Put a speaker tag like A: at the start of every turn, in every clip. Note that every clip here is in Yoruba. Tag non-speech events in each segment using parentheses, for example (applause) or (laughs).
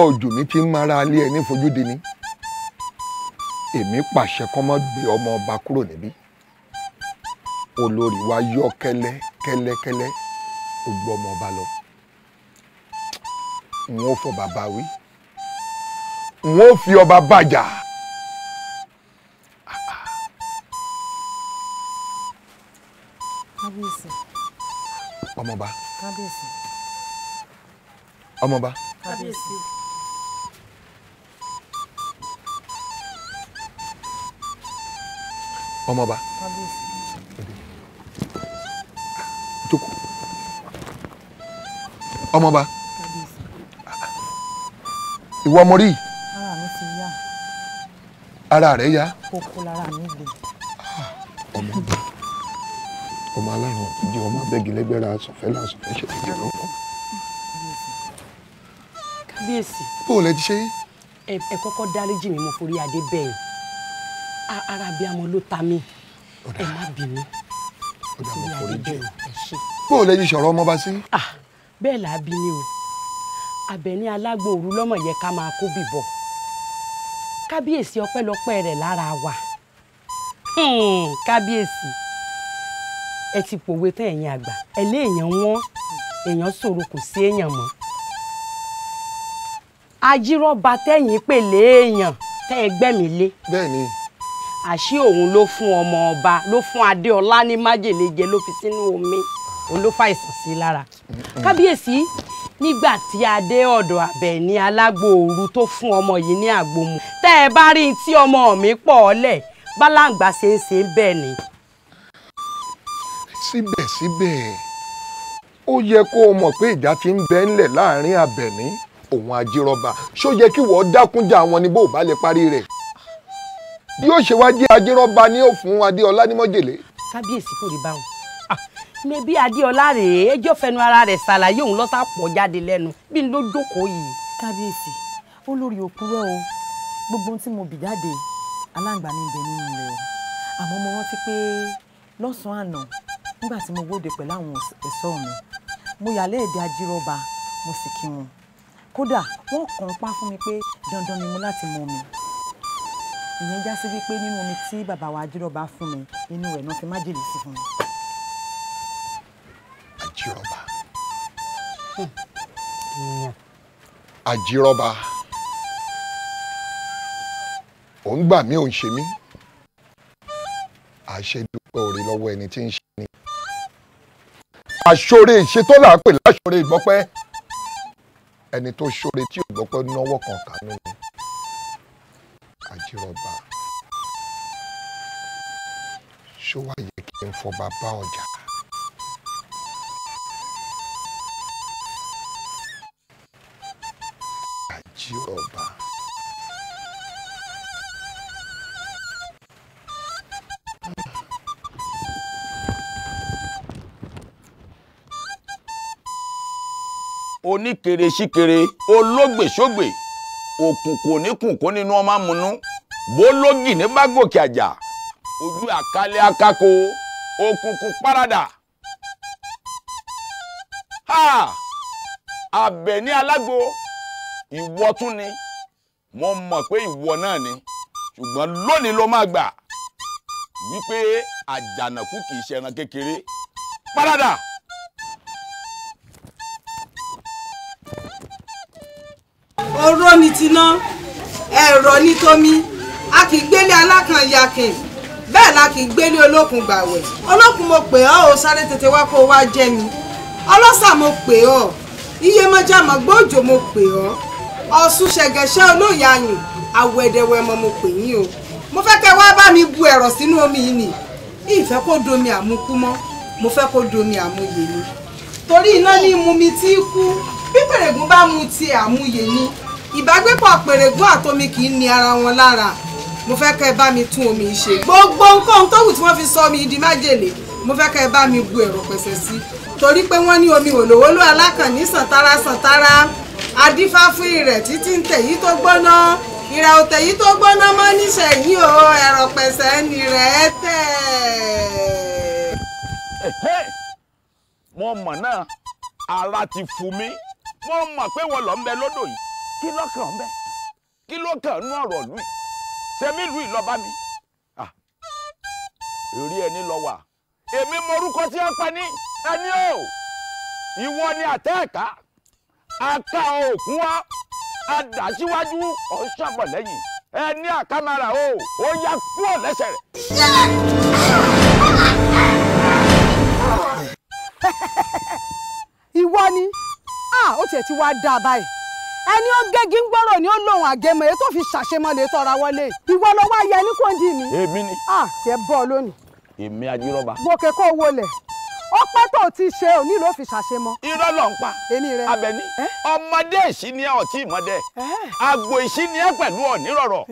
A: ọwọ́ òjò mi ti ń mara alẹ́ ẹni fojúdi ni èmi pàṣẹ kọ́ mọ́ gbé ọmọ ọba kúrò níbí olórí wa yọ kẹ́lẹ́ kẹ́lẹ́kẹ́lẹ́ ó gbọ́ ọmọ ọba lọ n ó fọ bàbá wí n ó fi ọba bàjà. ọmọba. ọmọba. kábíyèsí. ọmọọba jókòó ọmọọba ìwọ ọmọ rí ara rẹ yá ọmọọba ọmọ aláàrùn ìdí ọmọ abẹ́gilẹ́gbẹ́ra sọ̀fẹ́ làásọ̀fẹ́ ṣe ìdí lọ́wọ́.
B: kábíyèsí. bó o lẹ ti ṣe. ẹ kọ́kọ́ dáríjì mi mo forí
C: adé bẹ́ẹ̀ ara bíi amọ ló ta mí ẹ má bínú torí àdébẹ̀ ẹ
A: ṣe. bó o lè yí sọ̀rọ̀ ọmọ bá sí.
C: bẹ́ẹ̀ là á bí ni o àbẹ̀ ní alágbó òru lọ́mọ yẹ ká máa kó bìbọ̀ kábíyèsí ọpẹ́lọpẹ́ rẹ̀ lára wa hmm, kábíyèsí ẹ ti pòwe tán ẹ̀yin àgbà ẹ lé èèyàn wọ́n èèyàn ṣòro kò sí èèyàn mọ́ ajírọ́ba tẹ̀yìn pèlè èèyàn tẹ́ ẹ gbẹ́mìí lé. bẹ́ẹ̀ àṣé òun ló fún ọmọ ọba ló fún adéọlá ní májèlé jẹ ló fi sínú omi òun ló fàìsàn sí lára kábíyèsí nígbà tí adé ọ̀dọ̀ Àbẹ̀ní alágbòoru tó fún ọmọ yìí ní àgbomu tẹ́ ẹ bá rí tí ọmọ mi pọ̀ ọ́lẹ̀ bálàǹgbà ṣe ń ṣe bẹ́ẹ̀ ni.
A: síbẹ̀síbẹ̀ ó yẹ kó o mọ̀ pé ìjà ti ń bẹ ńlẹ̀ láàrin Àbẹ̀ní òun àjírọ̀bà ṣó yẹ kí wọ́n dákúnjà wọn ni bó o bá lè parí rẹ̀ bí ó ṣe wá jẹ́ ajérọ́ba ní òfun adéọlá ní mọ́jèlé. kábíyèsí kò rí
C: báwọn ah, mẹbí adéọlá rèé ẹjọ́ fẹnu ara rẹ̀ ṣàlàyé òun lọ́sà pọ̀ jáde lẹ́nu bí n ló jókòó yìí. kábíyèsí olórí òkúrọ́ o gbogbo tí mo bì jáde aláǹgbá ní ibẹ̀ nínú rẹ̀ àmọ́ mo rántí pé lọ́sàn-án àná nígbà tí mo wóde pẹ̀lú àwọn ẹ̀ṣọ́ mi mo yà lẹ́ẹ̀dẹ́ ajírọ́ba mo sì kí wọn kódà wọ́n kàn pa fún mi pé dandan ni mo láti mọ mi ìyẹn já sí wípé nínú omi tí bàbá wa ajírọ̀bá fún mi inú rẹ̀ náà fi májèlé sí fún mi.
A: ajírọ̀bá
D: hmm.
A: ajírọ̀bá ò ń gbà mí ò ń ṣe mí àṣedúpẹ́ òrè lọ́wọ́ ẹni tí ń ṣe ni àṣọre ìṣètò là láṣọre ìgbọ́pẹ́ ẹni tó ṣọre tí ò gbọ́pẹ́ náwó kan kànú ni fàjírọ̀bà ṣó wá yẹ kí n fọba bá ọjà. fàjírọ̀bà. oníkèrè síkèrè ológbèsógbè òkùnkùn oníkùnkùn nínú ọmọ amúnú bó lógì ní bá gòkè àjà ojú àkálẹ̀ akáko òkùnkùn párádà. Àbẹ̀ní alágbo ìwọ tún ni mo mọ̀ pé ìwọ náà ni ṣùgbọ́n lónìí ló máa gbà wípé àjànàkú kì í ṣẹran
C: kékeré párádà. oró ni tiná ẹ̀rọ ni tomi a kì í gbélé alákànyakìn bẹ́ẹ̀ la kì í gbélé olókun gbàwẹ̀ olókun mo pè ọ́ o sáré tètè wá kó o wá jẹ́ mi ọlọ́sà mo pè ọ́ iye mọ́jà mọ́ gbọ́jọ mo pè ọ́ ọ̀sùn ṣẹ̀gẹ̀ṣẹ́ olóyè ayùn àwẹ̀dẹ̀wẹ̀ mọ́ mo pè yín o mo fẹ́ kẹ́ wá bá mi bu ẹ̀rọ sínú omi yìí nì ìfẹ́ kó domi àmukú mọ́ mo fẹ́ kó domi àmuyè ni torí iná ní mumi tí kú bí pèrègùn bá mu ti àmúyẹ ni ìbágbépọ̀ pèrègùn àtomi kì í ni ara wọn lára mo fẹ́ kẹ́ ẹ bá mi tún omi ṣe gbogbo nǹkan tó wù tí wọ́n fi sọ mi di májèlé mo fẹ́ kẹ́ ẹ bá mi bu ẹ̀rọ pẹ̀sẹ̀ sí torí pé wọ́n ní omi òlòwò ló alákànní sàntara sàntara adífá fún ìrẹ̀ títí ń tẹ̀yí tó gbóná ìrẹ̀ ò tẹ̀yí tó gbóná mọ́
A: níṣẹ̀yìn o ẹ̀rọ pẹ̀sẹ̀ ń rẹ̀ tẹ̀. mo mọ̀ náà ara ti fu mi mo mọ̀ pé wọ́n lọ ń bẹ lódò yìí kí lọ́kàn ń bẹ kí lọ́kàn ń ọ̀rọ̀ lù í sẹ́mi lù í lọ́ba mi èrí ẹni lọ wà èmi morúkọ tí wọ́n pa ní ẹni o ìwọ ni àtẹ́ẹ̀ká aka òkun wa adà ọ̀ṣọ́bọ̀ lẹ́yìn ẹni àkàmàrà
C: o ó yá kúọ̀ lẹ́sẹ̀ rẹ̀. (laughs) ìwọ ni. Ah, ó tiẹ̀ ti wá dáa báyìí ẹni ó gégi ń gbọ́rọ̀ ni ó lòun àgẹmọ èyí tó fi ṣàṣemọ́lẹ̀ tọ́ra wọlé ìwọ ló wá yẹ ní kòńdì mi. èmi ni. a ah, tiẹ̀ bọ́ lónìí.
A: èmi ajírọ́ba.
C: gòkè kó o wọlé ó pẹ́ tó ti ṣe òní ló fi ṣàṣemọ́. irọ́ ló ń pa abẹni
A: ọmọdé ìṣí ni ẹ ọtí ìmọ̀dẹ àgbò ìṣí ni ẹ pẹ̀lú ọ̀nírọ̀rọ̀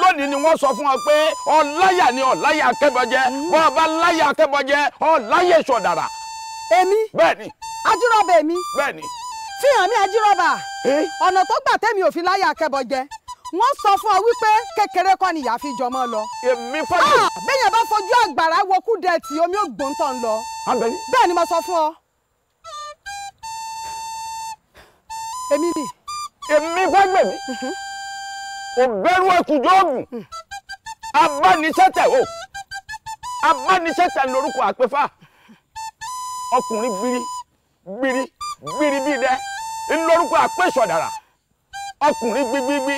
A: lónìí ni wọ́n sọ fún ọ pé ọláyà ni ọláyà akẹ́bọjẹ bọ́ ọba láyà akẹ́bọjẹ
C: ọláyà èso ọ̀dàrà. èmi bẹ́ẹ̀ni ajírọ́bẹ̀ mi bẹ́ẹ̀ni fihàn mi ajírọ́bà ọ̀nà tó gbà tẹ́mi òfin láyà akẹ́bọ̀ jẹ wọ́n sọ fún ọ wípé kékeré kọ́ ni ìyá fi jọmọ lọ. èmi fẹ́ẹ́. Ah! bẹ́yẹn bá fojú àgbàrá wo kúdẹ̀ẹ̀tì omi ògbóǹtọ̀ ń lọ. abẹ́ni. bẹ́ẹ̀ ni mo sọ fún ọ. èmi ni. èmi fagbemi òbẹ́rù ẹ̀kújọ́ ògùn
A: hmm. abániṣẹ́tẹ̀ o abániṣẹ́tẹ̀ lórúkọ àpẹfà ọkùnrin gbiri gbiri gbiribidẹ ńlọrúkọ àpèsọdàrà ọkùnrin gbigbigbí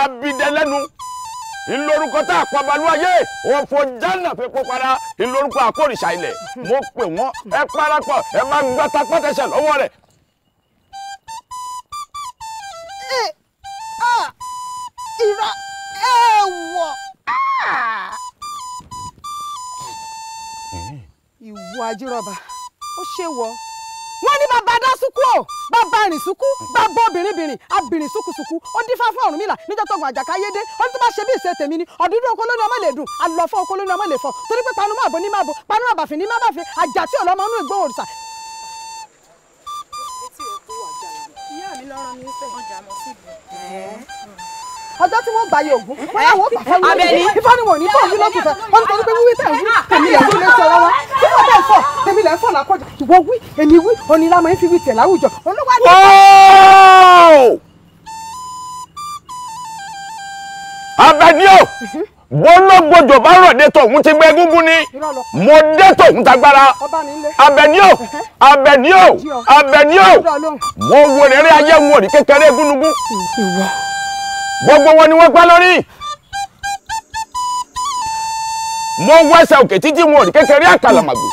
A: abidẹlẹnu ńlọrúkọ tá a kọ balùwàyè wọn fọ jánà pépó para ńlọrúkọ àkórìṣà ilẹ̀ mo pè wọn ẹ parapọ̀ ẹ má gbàtà pàtẹsẹ lọ́wọ́ rẹ̀
D: ìrà ẹ̀wọ̀.
C: ìwọ ajírọ̀bà ó ṣe wọ wọ́n ní bàbá dá súkú o bàbá rìn súkú bàbá obìnrin bìnrin abìnrin súkúsúkú ó dín fáfún Ọ̀rúnmìlà níjọ́ tógun àjàká yé dé ó ní tó bá ṣe bí ìṣe tèmi ni ọ̀dúndún oko lónìí ọmọ lè dùn àlọ́fọ́ oko lónìí ọmọ lè fọ́ torí pé panu máa bo ní máa bo panu àbàfin ní má bàfin àjà tí ọlọ́mọ inú ìgbó òrìṣà.
D: ìyá mi lọ́rọ̀ mi fẹ́ ọjà mọ́ síbi
C: ọjọ́ tí wọ́n bá yẹ ògún wọ́n yà wọ́n bàfẹ́ wọn lójú ifá ni wọn ò ní fọ́ mi lọ́tù fẹ́ wọn nítorí pé tẹ̀ wí tèmi lẹ̀ wí lẹ́sẹ̀ ọ̀rọ̀ wa tí wọ́n bẹ́ẹ̀ fọ̀ tèmi lẹ̀ ń fọ̀ ìwọ wí èmi wí onílámọ̀ ń fi wí tẹ̀ láwùjọ olúwadé.
D: abẹ́díò
A: gbọ́nàgbọ́jọ bá rọ̀dé tọ̀hún ti gbẹ́ gúngún ni mo dé tọ̀hún tagbára abẹ́díò abẹ́díò abẹ́díò mo wo rere ayé wọn kékeré gúnugún gbogbo wọn ni wọ́n gbá lórí wọ́n wẹ́sẹ̀ òkè títí wọn ò rí kékeré àkàlàmàgbò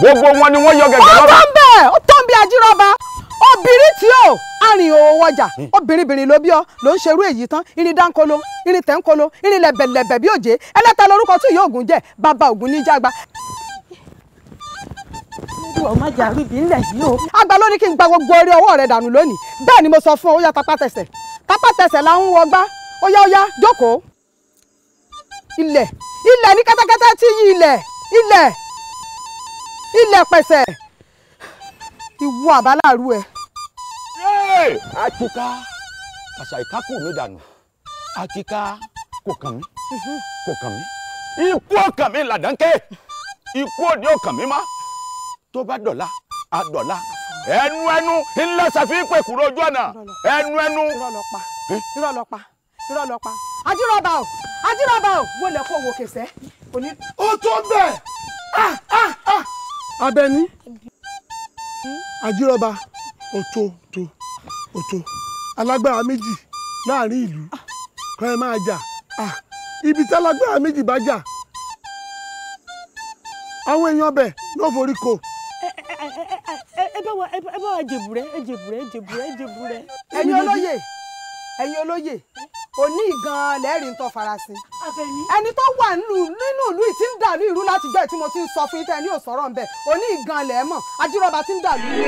A: gbogbo wọn ni wọ́n yọ gẹ̀gẹ̀ lọ́rọ̀. ó tán
C: bẹ́ẹ̀ ó tán bí ajírọ́ba obìnrin tí ó arìn òwò ọjà hmm. obìnrinbìnrin ló bí ọ ló ń ṣerú èyí tán irin dáńkolo irin tẹ́ńkolo irin lẹ̀bẹ̀lẹ̀bẹ̀ bí òjé ẹlẹ́ta lórúkọ tí ìyá ògùn jẹ́ bàbá ògùn ní jágba. ló ní kí n gba gbogbo orí ọwọ́ rẹ̀ dànù lónìí bẹ́ẹ̀ ni mo sọ fún ọ ó yá tapá kápá tẹsẹ̀ la ń wọgbá ó yá ó yá jókòó ilẹ̀ ilẹ̀ ní kẹ́tẹ́kẹ́tẹ́ tí yí ilẹ̀ ilẹ̀ ilẹ̀ pẹ̀sẹ̀ ìwọ àbáláàrú ẹ.
A: Akika kàṣà ìkákò mi dànù àtìká kò kàn mí mhm. kò kàn mí ikú ọkàn mi làdánkẹ́ ikú òní ọkàn mi má tó bá dọ̀la àdọ̀la ẹnu ẹnu ńlá ṣàfihàn pé kúrò
C: ojú ọ̀nà ẹnu ẹnu. irọ́ lọ pa irọ́ lọ pa o o kó kẹsẹ́ òní. tó ah, ah, ah.
A: abẹni tó alágbára méjì láàrin ìlú kọ́
C: ẹ bá wa ẹ bá wa jèbùrẹ́ ẹ jèbùrẹ́ ẹ jèbùrẹ́ ẹ jèbùrẹ́. ẹ̀yin olóyè ẹ̀yin olóyè òní gan-an lẹ́rìí ń tọ́ farasin. ẹni tó wà nínú ìlú tí ń dàlú ìlú láti gbọ́ tí mo ti ń sọ fún yín tẹ́ ẹni ò sọ̀rọ̀ ńbẹ̀ òní gan-an lẹ́ẹ̀mọ̀ ajírọ̀bà tí ń dàlú ìlú.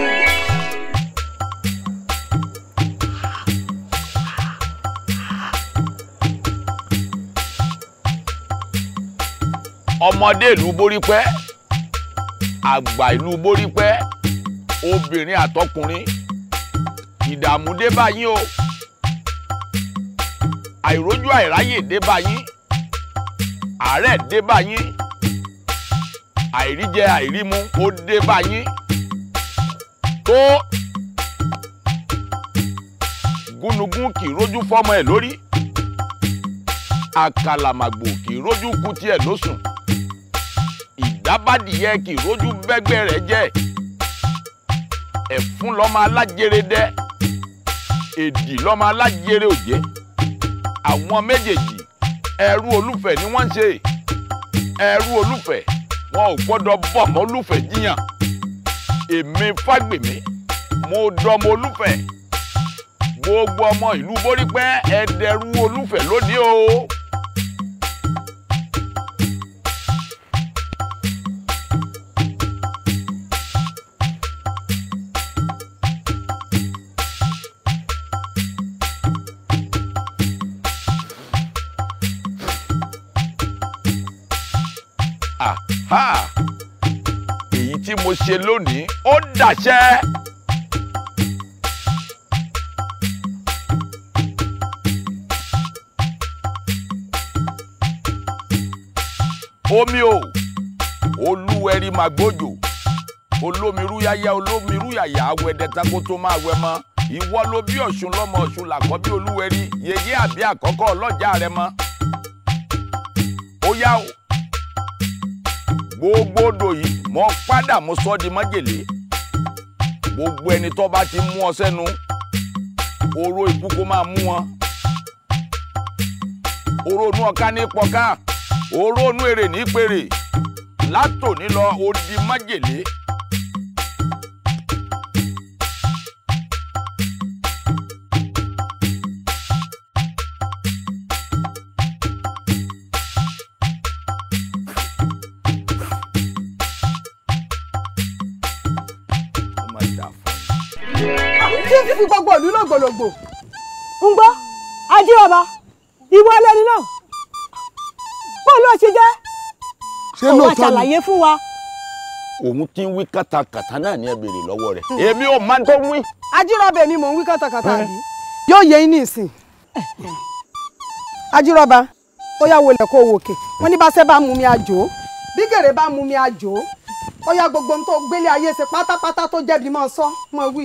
A: ọmọdé ìlú borí pẹ́ àgbà ìlú borípẹ́ obìnrin àtọkùnrin ìdààmú dé bá yín o àìrójú àìráyè dé bá yín àárẹ̀ dé bá yín àìríjẹ àìrímu ó dé bá yín tó gúnugún kì í rójú fọ́mọ ẹ̀ lórí àkàlàmàgbò kì í rójú kú tiẹ̀ lósùn jábàdìyẹ kì rójú bẹ́gbẹ́ rẹ̀ jẹ́ ẹ̀fún lọ́mọ alájẹrẹ dẹ́ èdì lọ́mọ alájẹrẹ òjẹ́ àwọn méjèèjì ẹrú olúfẹ̀ ni wọ́n ń ṣe ẹrú olúfẹ̀ wọn ò gbọ́dọ̀ bọ̀ mọ́ olúfẹ̀ jiyàn èmi fágbèmí mo dọmọ olúfẹ̀ gbogbo ọmọ ìlú borípẹ́ ẹ̀ẹ́dẹ̀rú olúfẹ̀ lónìí o. ṣe lónìí ó dàṣẹ. omi o olúwẹ̀rí màgbójò olómirú yáyá olómirú yàyà awẹ̀dẹ̀tako tó máa wẹ̀ mọ́ ìwọ ló bí ọ̀ṣun lọ́mọ ọ̀ṣun làkọ́bí olúwẹ̀rí yèyé àbí àkọ́kọ́ ọlọ́jà rẹ mọ́ ó yá o. gbogbo odò yìí mọ padà mo sọ di májèlé gbogbo ẹni tó bá ti mú ọ sẹnu oró ikú kó máa mú wọn oró inú ọ̀ka ní pọ̀ká oró inú èrè ní pèrè látòní lọ ó di májèlé.
C: ògbólógbò ń gbọ́ ajé ọba ìwọ ẹlẹ́ni náà bóun ló ṣe jẹ́ ṣé
A: lóòótọ́ ni òun àṣàlàyé fún wa. òun ti ń wí kàtàkàtà náà ní ẹ lọ́wọ́ rẹ̀ èmi ò máa
C: tó wí. ajírọ̀bẹ ni mò ń wí kàtàkàtà eh. yìí yóò yẹ yín ní ìsìn ajírọ̀bà ó yá wọlé kó wòkè wọn ní bá ṣe bá mú mi àjò bí gèrè bá mú mi àjò ó yá gbogbo ohun tó gbélé ayé ṣe pátápátá tó jẹ́bi mọ́ sọ mọ́ wí.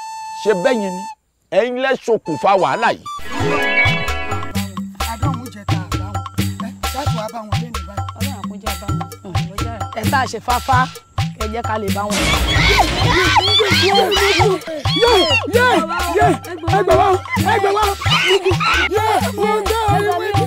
A: ṣe bẹ́yìn ni ẹ̀yin lẹ ṣokùnfà wàhálà yìí.
B: àdánwò jẹta àbáwọn ẹ dákun àbáwọn lẹ́nu báyìí. ọlọ́run
C: àkójọ àbáwọn ẹ tá a ṣe fáfá
B: ẹ jẹ́ ká lè bá wọn. yé yé
E: yé ẹgbẹ̀ wá ẹgbẹ̀ wá yé mo dá ìwé.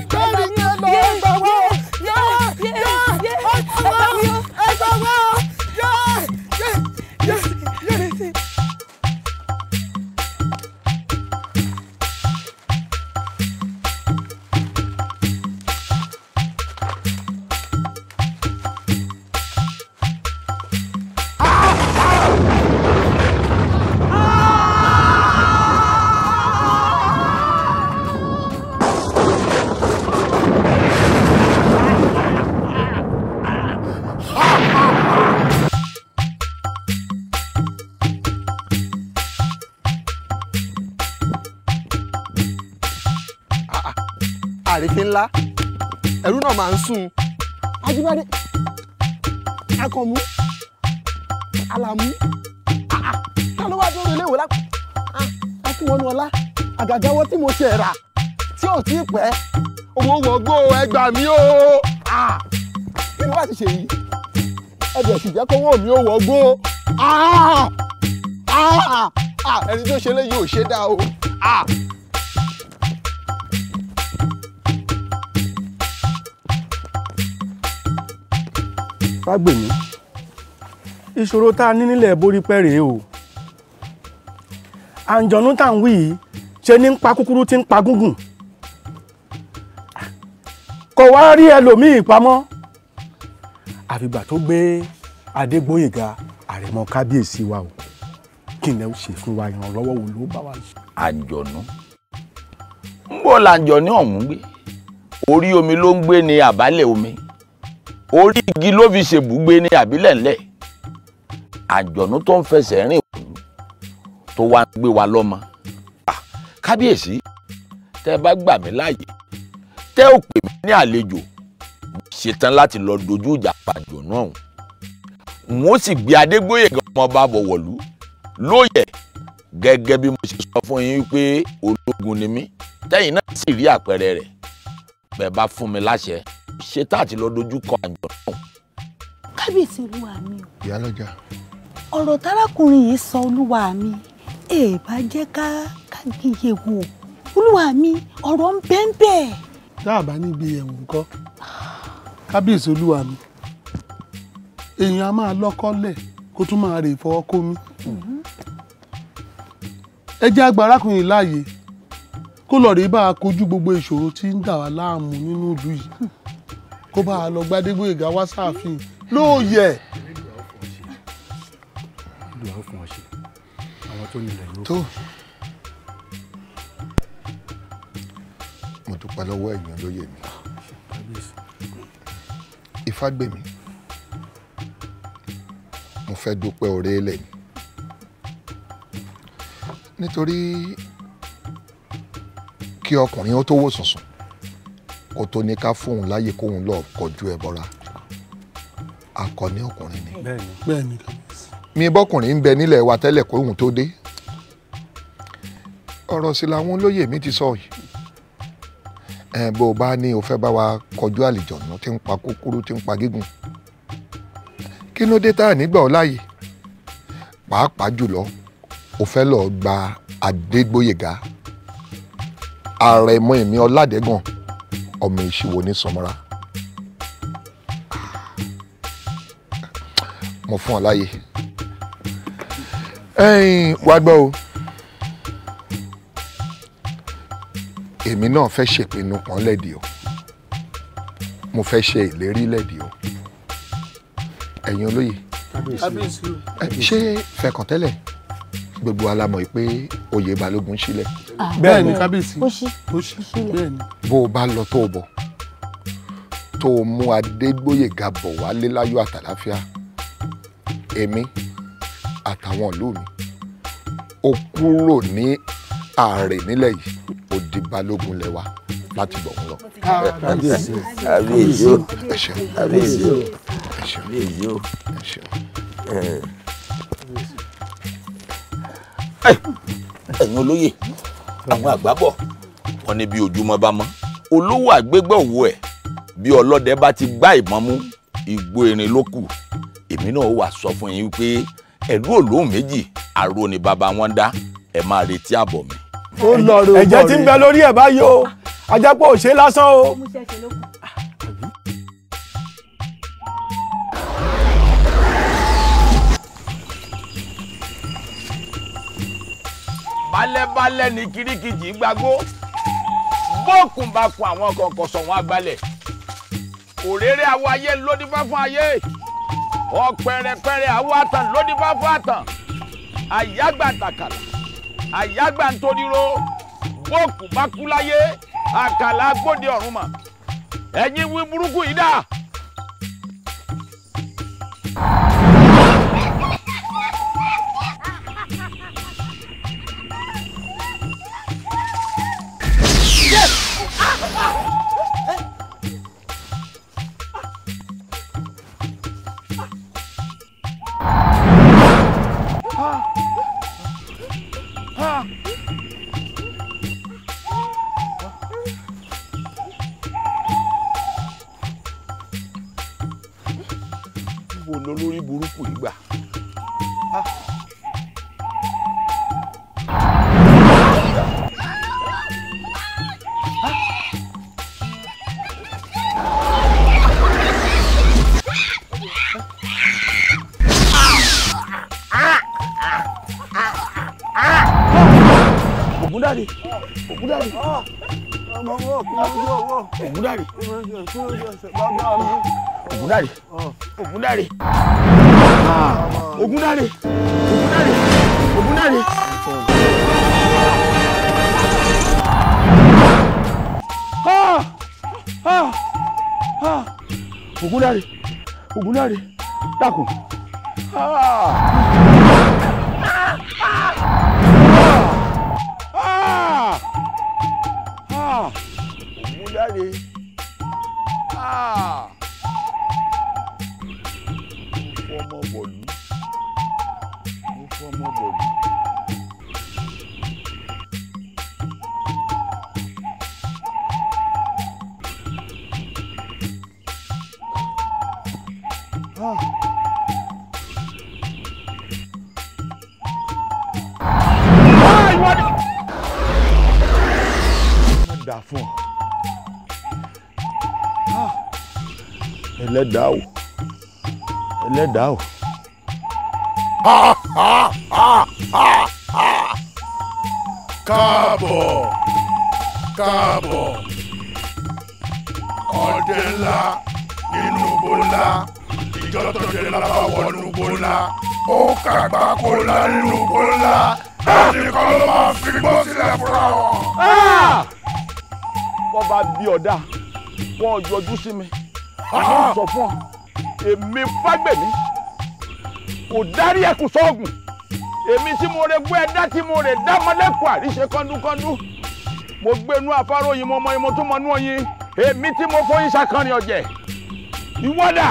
A: ńlá ẹ̀rú náà máa ń sùn Ajíbádé Akànmú
C: Àlàmú ká ah, ah, ló wá dé orin iléèwé lápò akínwọnú ah, ọlá àgàgàwọ tí mo ṣe rà tí ò tí ì pẹ́ owó wọgbó
A: ẹgbà mi o kí ni wàá ti ṣe yìí ẹbẹ̀ sì jẹ́ mi ò wọgbó ẹni tó ṣe léyìí ò ṣe dá o. Fágbèmí ìṣòro tá a ní nílẹ̀ borípẹ́ rèé o àǹjọ̀nú tá ń wí yìí ṣe ní ń pa kúkúrú tí ń pa gúngùn kò wá rí ẹlòmíì pamọ́ àfìgbà tó gbé Adégbóyèga àrẹ̀mọ kábíyèsí wa o kí ni ẹ ṣe fún wa ìrànlọ́wọ́ wo ló bá wa ṣe. àǹjọ̀nú ń bọ̀ làǹjọ̀nú ọ̀hún gbé orí omi ló ń gbé ní àbálẹ̀ omi orí igi ló fi ṣèbùgbé ní àbílẹ̀ ńlẹ̀ àjọ̀nú tó ń fẹsẹ̀ rìn tó wá ń gbé wa lọ́mọ kábíyèsí tẹ bá gbà mí láàyè tẹ ò pè mí ní àlejò ṣetán láti lọ dojú ìjà pàjọ náà n ó sì gbé adégbóyè ọmọọba bọ̀wọ̀lú lóyè gẹ́gẹ́ bí mo ṣe sọ fún yín pé ológun ni mí tẹ́yìn náà sì rí àpẹẹrẹ rẹ̀ bẹ́ẹ̀ bá fún mi láṣẹ ṣe tá àti lọ dojú kọ àjọ náà.
C: kábíyèsí olúwa mi o. ìyálọ́jà. ọ̀rọ̀ tárákùnrin yìí sọ olúwa mi èèbá jẹ́ ká kágiyè wò olúwa mi ọ̀rọ̀ ń bẹ́ẹ̀ bẹ́ẹ̀. tá a bá níbi
A: ẹ̀wọ̀n nǹkan kábíyèsí olúwa mi èèyàn a máa lọ́kọ́ lẹ̀ kó tún máa rè fọwọ́ kó mi. ẹ jẹ́ àgbà láàyè kó lọ́ọ́ rí bá a kojú gbogbo ìṣòro tí ń dà wá láàmú nínú ìlú yìí kó bá a lọ gbadégbò ìgá wá sáàfin lóòyẹ. ìlú àwọn fún ọ ṣe àwọn tó nílẹ̀ ló. tó mo dúpẹ́ lọ́wọ́ ẹ̀yàn lóye mi ìfágbèmí mo fẹ́ dúpẹ́ oore lẹ̀ nítorí kí ọkùnrin ó tó wò sùnsùn kó tó ní ká fóun láyè kóun lọ kọjú ẹ bọ́ra akọni ọkùnrin ni. bẹ́ẹ̀ni bẹ́ẹ̀ni. mi bọkùnrin ń bẹ nílẹ̀ wa tẹ́lẹ̀ kó òun tó dé ọ̀rọ̀ sí làwọn olóyè mi ti sọ yìí ẹ bó o bá ní o fẹ́ bá wa kọjú àlìjọ̀nù tí ń pa kúkúrú tí ń pa gígùn kí ló dé tá à nígbà ọ láàyè pàápàá jùlọ o fẹ́ lọ́ọ́ gba Adégbóyèga àrẹ̀mọ èmi Ọládẹ́gàn ọmọ ìṣìwò ní sọmọra mo fún ọ láyè ẹ̀yin wá gbọ́ o èmi náà fẹ́ ṣèpinnu kan lẹ́dí o mo fẹ́ ṣe ìlérí lẹ́dí o ẹ̀yin olóyè ṣé fẹ̀kàn tẹ́lẹ̀ gbogbo alamọ̀ yìí pé oyè balógun sílẹ̀. Ah. bẹ́ẹ̀ ni kábíyèsí ó ṣí bẹ́ẹ̀ bó o bá lọ tó o bọ̀ tó o mú adégbóyèga bọ̀ wálé láyọ̀ àtàláfíà èmi àtàwọn ìlú mi ó kúrò ní ààrẹ nílẹ̀ yìí ó di balógun lẹ́wà láti bọ̀ wọn lọ. kábíyèsí o
D: kábíyèsí o kábíyèsí o
A: kábíyèsí o ẹ̀yin olóyè àwọn àgbà bọ̀ wọ́n ní bí ojúmọ́ bá mọ́ olówó àgbégbọ̀ wo ẹ̀ bí ọlọ́dẹ bá ti gbá ìbọn mú igbó erin ló kù èmi náà wà sọ fún yín pé ẹ̀lú òlóhùn méjì àrò ni bàbá wọn dá ẹ máa retí àbọ̀ mi. ó lọ rò ó bọ̀ rè ẹ̀jẹ̀ tí ń bẹ lórí ẹ̀ báyìí o ajá pé òṣè lásán o. mo ṣẹ̀ṣẹ̀ ló kù. balẹ́balẹ́ ní kirikiji gbagbó bókun bá kun àwọn kọ̀ọ̀kan sọ̀wọ́n agbalẹ̀ òréré awọ ayé lódífá fún ayé ọ̀pẹ̀rẹ̀pẹ̀rẹ̀ awọ àtàn lódífá fún àtàn àyágbà tàkàlà àyágbà ntòdíró bókun bá kú láyé àkàlà agbóde ọ̀run mà ẹ̀yin wí burúkú yìí dà.
D: Ògúndàrè Ògúndàrè
A: Ògúndàrè Ògúndàrè Ògúndàrè. Ògúndàrè Ògúndàrè dákun. dá o.
D: káàbọ̀ káàbọ̀ ọdẹ ńlá nínú bọ́lá ìjọ tọ́jú ńlá bá wọnú bọ́lá ó kàgbá kó ńlá nínú bọ́lá ẹnì kan ló máa fi gbọ́ sílẹ̀ fúnra wọn.
A: wọ́n bá bí ọ̀dà wọn ò yọjú sí mi wọ́n sọ fún ọ èmi fágbẹ̀mí kò dárí ẹkùn sọ́ọ̀gùn èmi tí mo rẹ gbọ́ ẹ̀dá tí mo rẹ dá mọ́lẹ́kùn àríṣe kọ́ńdúkọ́ńdú mo gbénú afárá oyin mo mọ imọ tó mọ nú oyin èmi tí mo fọyín ṣàkànrin ọ̀jẹ̀ ìwọ́dà.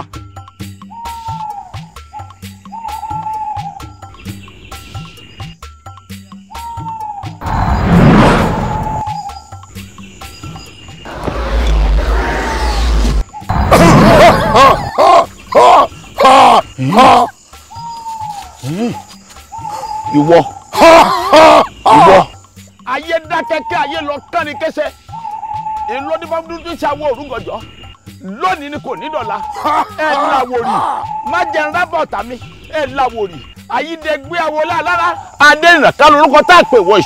A: Ha! ìwọ ìwọ. ayé dákẹ́kẹ́ ayé lọ kán ni kẹsẹ̀ ìlọdínfàmùdúdú ṣe àwọn òrùngànjọ́ lónìí ni kò ní dọ̀la ẹ láwòrì má jẹ́ nrábọ̀ tàmí ẹ láwòrì àyídẹ́gbé awolá lára. adẹ́rìnà ká lorúkọ tá a pè wọ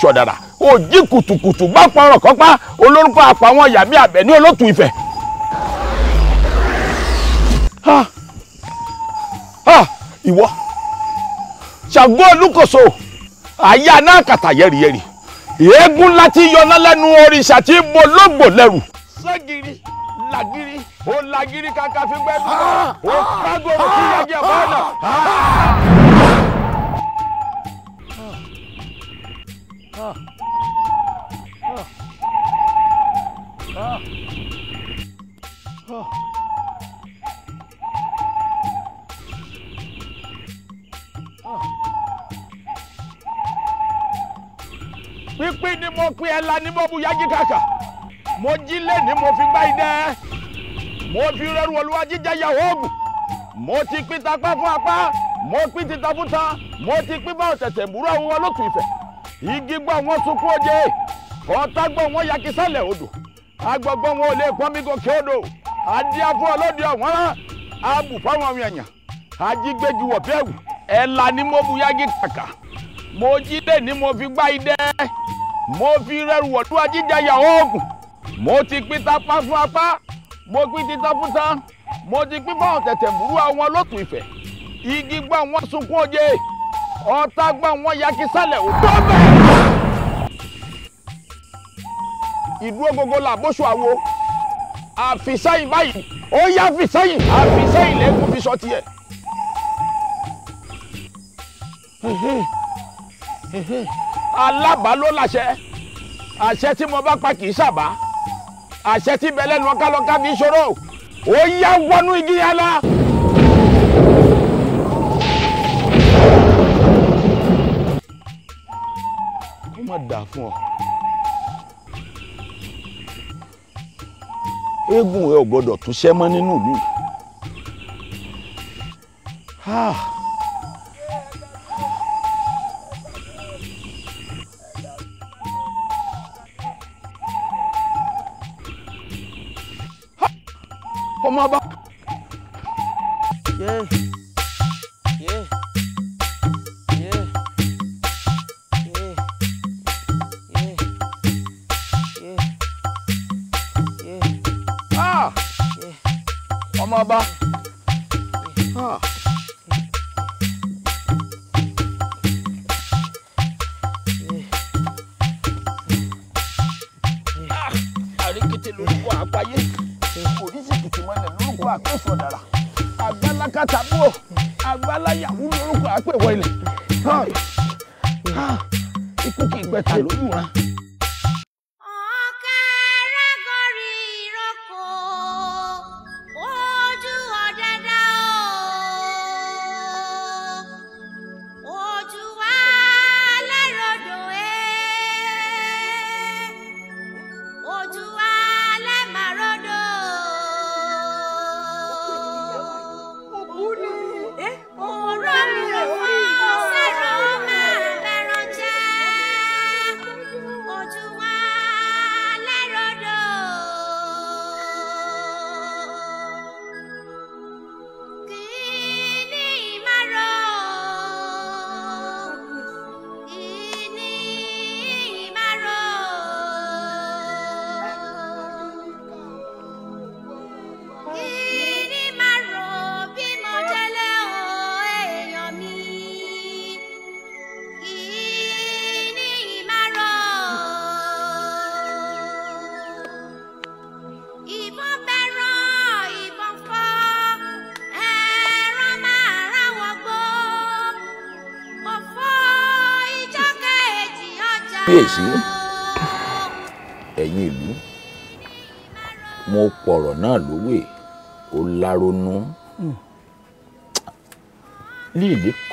A: O òjì kùtùkùtù bá pọ̀rọ̀ kọ́pá olórúkọ àpàwọn yàmi àbẹ̀ ní olótù ìfẹ́. ìwọ ṣàgbó olúkòso àyà náà kàtà yẹ̀rìyẹ̀rì èégún láti yọná lẹ́nu òrìṣà tí mo lógbò lẹ́rù. sẹ́gìrì làgìrì ó làgìrì kàkà fi gbẹ́dùn ó kágòrò kí yájẹ́ bọ́ọ̀nà. Ah. Ah. Ah. pínpín ni mo pín ẹla ní mo bu yájí kàkà mo jí lẹ́ni mo fi gbá idẹ mo fi rẹrù olúwa jíjẹ yàwó ògùn mo ti pín tapá fún apá mo pín títa fún tan mo ti pín bá ọ̀tẹ̀tẹ̀ múrò àwọn olótùú ìfẹ́ igi gbọ́ wọn sunkún oje ọ̀tá gbọ́ wọn yakisálẹ̀ odò agbọ̀gbọ́ wọn ò lè pọ́n mi gòkè odò adíá fún ọlọ́dẹ ọ̀wọ́n rán abù fáwọn èèyàn wọ̀ bẹ́ẹ̀ wù ẹ̀la ni mo bu yájí kàkà mo jí dé ní mo fi gbá idẹ mo fi rẹrù ọdún ajíjẹyà oògùn mo ti pín tapá fún apá mo pín titán fún tán mo ti pín báwọn tẹ̀tẹ̀ burú àwọn lótú ìfẹ́ igi gbá wọn sunkún oje ọ̀tá gbá wọn yaki sálẹ̀ ò bẹ́ẹ̀. ìlú ogogo làbóṣù àwo àfìsẹ́yìn báyìí ó yá àfìsẹ́yìn àfìsẹ́yìn lẹ́gùn fi sọ tiẹ̀ alábàá ló láṣẹ àṣẹ tí mo bá pa kì í ṣàbá àṣẹ tí bẹ lẹ́nu ọkàlọkà fi ṣòro ó yá wọnú igi yẹn lọ. ó má dà fún ọ. eégún rẹ ò gbọdọ̀ tún ṣẹ́ mọ́ nínú ìlú. Ah.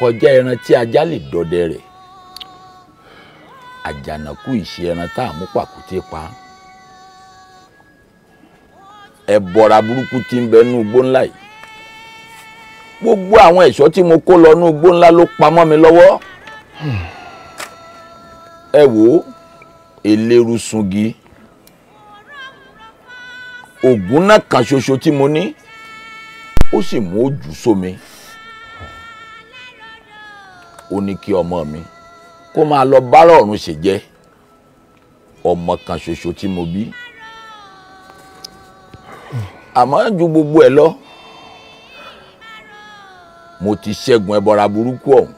A: kọjá ẹran tí ajá lè dọdẹ rẹ̀ àjànàkú ìṣe ẹran tá à mú pàkúté pa ẹbọra burúkú tí ń bẹ nú igbó ńlá yìí gbogbo àwọn ẹ̀ṣọ́ tí mo kó lọ nú igbó ńlá ló pamọ́ mi lọ́wọ́ ẹ wò ó eléru sungi ògùn náà kan ṣoṣo tí mo ní ó sì mú ojú sómi. So ó ní kí ọmọ mi kó máa lọ bárọ̀ ọ̀run ṣèjẹ́ ọmọ kan ṣoṣo tí mo bí àmọ́ ju gbogbo ẹ̀ lọ mo ti ṣẹ́gun ẹbọra burúkú ọ̀hún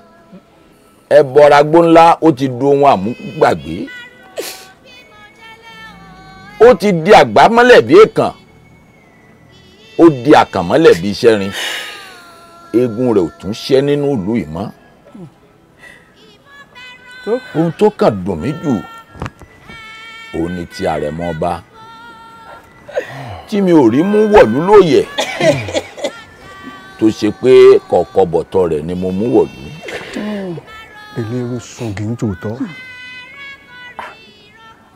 A: ẹbọra gbóńlá ó ti du ohun àmúgbàgbé ó ti di àgbámọ́lẹ̀ bí èkàn ó di àkànmọ́lẹ̀ bí iṣẹ́ rin eegun rẹ̀ ò tún ṣẹ́ nínú ìlú ìmọ̀ ohun tó kàn dùn mí jù òun ni ti àrẹ̀mọ ọba tí mi ò rí mú wọ̀lú lóye tó ṣe pé kọ̀ọ̀kọ̀ bọ̀tọ̀ rẹ̀ ni mo mú wọ̀lú. eléru sọ̀gì ń tòótọ́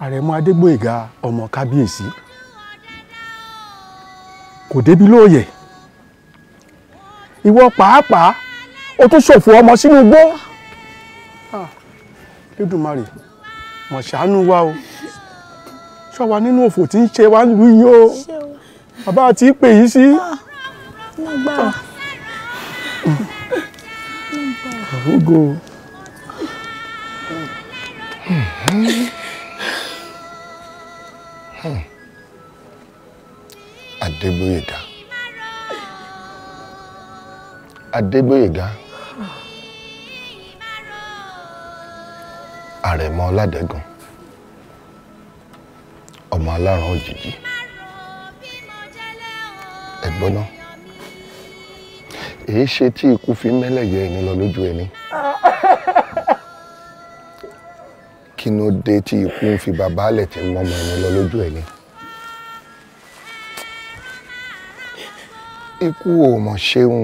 A: àrẹ̀mọ adégbòyèga ọmọ kábíyèsí kò débi lóye ìwọ pàápàá o tún ṣòfò
F: ọmọ sínú igbó. Ah.
A: Lédùmarè mọ̀ ṣàánú wa o ṣọ́ wa nínú òfò tí ń ṣe wá lù yín o bàbá àti ìpè yìí sí. àrùgò. Adégbóyèga Adégbóyèga. àrẹ̀mọ ọládẹ́gàn ọmọ aláràn òjijì ẹ̀gbọ́n náà èyí ṣe tí ikú fi mẹ́lẹ̀yẹ ẹni lọ lójú ẹni kí ló dé tí ikú ń fi bàbá alẹ̀ tí mọ́mọ́ ẹni lọ lójú ẹni. ikú ò mọ̀ ṣeun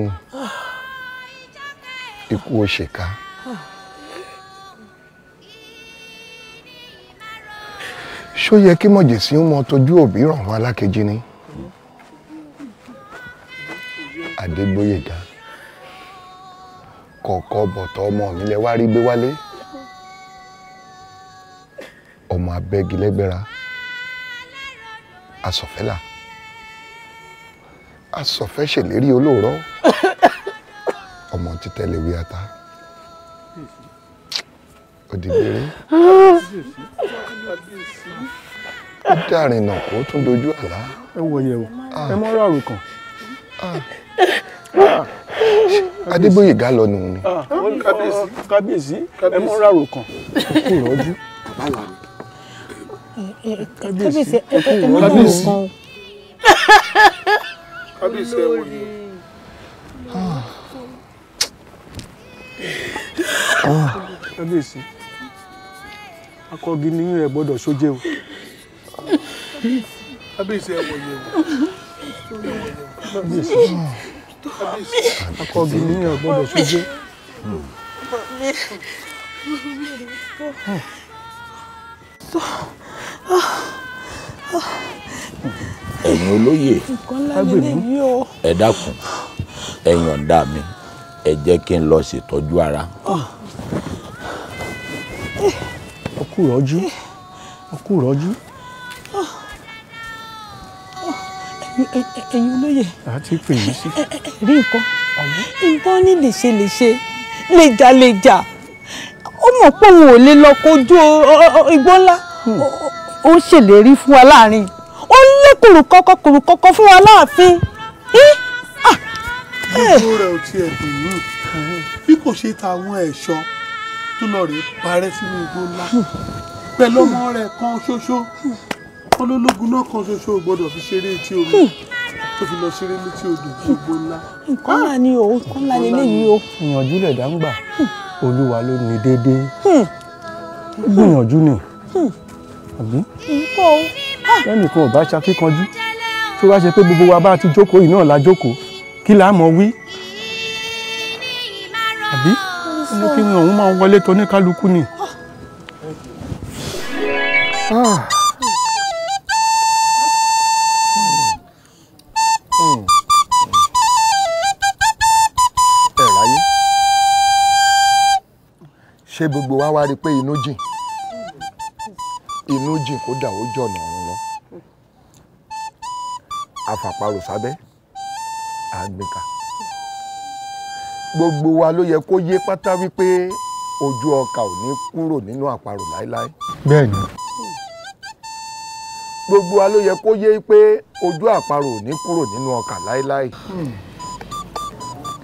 A: ikú ò ṣèkà. ṣó yẹ kí mọ̀jẹ̀sí ń mọ tọ́jú òbí ràn wá lákejì ni Adégbóyèga kọ̀ọ̀kọ́ bọ̀tọ̀ ọmọ mi lẹ wá rí gbé wálé ọmọ abẹ́gilẹ́gbẹ́ra asọ̀fẹ́là asọ̀fẹ́ ṣèlérí olóòrọ́ ọmọ títẹ̀lé wí ata òdìgbére ó dàrìnà kó tún dojú àlá. ẹ wọ yẹ o ẹ mọ ọ̀rọ̀ àròkàn. Ah.
D: Ah. adébóyè
A: ga lọ nù ah, ni. kábíyèsí kábíyèsí ẹ mọ ọ̀rọ̀ àròkàn. ó kù rọ́jú.
G: kábíyèsí ẹ kú rọ́jú. kábíyèsí
A: ẹ wọ ni. kábíyèsí akọgi ni yín rẹ gbọ́dọ̀ sójé o. Abisi.
D: ẹ wọ̀nyẹ o Abisi. akọbi ní ọgbọ́dọ̀ tó jẹ́.
A: ẹ̀yin olóye ẹ dákun ẹ yọ̀ǹda mi ẹ jẹ́ kí n lọ ṣètọ́jú ara.
G: ọkùnrin ọjú ọkùnrin ọjú.
C: ẹ̀yin olóye rí nǹkan nǹkan ní lè ṣe lè ṣe lè jà lè jà ó mọ̀ pé òun ò lè lọ kojú igbó ńlá hmm. ó ṣèlérí fún wa láàrin ó lé kùrùkọ́kọ́ kùrùkọ́kọ́ fún wa láàfin. gbogbo rẹ̀ ò tiẹ̀ dùn ún bí kò
A: ṣe tàwọn ẹ̀ṣọ́ tó lọ rèé parẹ́ sínú igbó ńlá hmm. pẹ̀lú hmm. ọmọ rẹ̀ kan ṣoṣo olólógun náà kan ṣoṣo ò gbọ́dọ̀ fi ṣeré etí omi hmm. tó fi lọ ṣeré létí odò tó gbó ńlá. nǹkan ńlá ni o nǹkan ńlá ni eléyìí o. ìyànjú lẹ̀dá ń gbà hmm. olúwa ló ní déédéé gbìyànjú hmm. ni àbí. lẹ́nìkan ò bá ṣakíkanjú tó bá ṣe pé gbogbo wa bá ti jókòó yìí náà la jókòó kí là á mọ̀ wí. àbí
D: inú kí ni òun
A: máa wọlé tó ní kálukú ni. Ah. ṣé gbogbo wa wá rí i pé inú jìn inú jìn kódà ó jọ̀nà ọ̀run lọ àfàparò sábẹ́ àgbìnkà gbogbo wa ló yẹ kó yé pátá wípé ojú ọkà ò ní kúrò nínú àparò láéláé. bẹ́ẹ̀ni. gbogbo wa ló yẹ kó yé pé ojú àparò ò ní kúrò nínú ọkà láéláé. Hmm.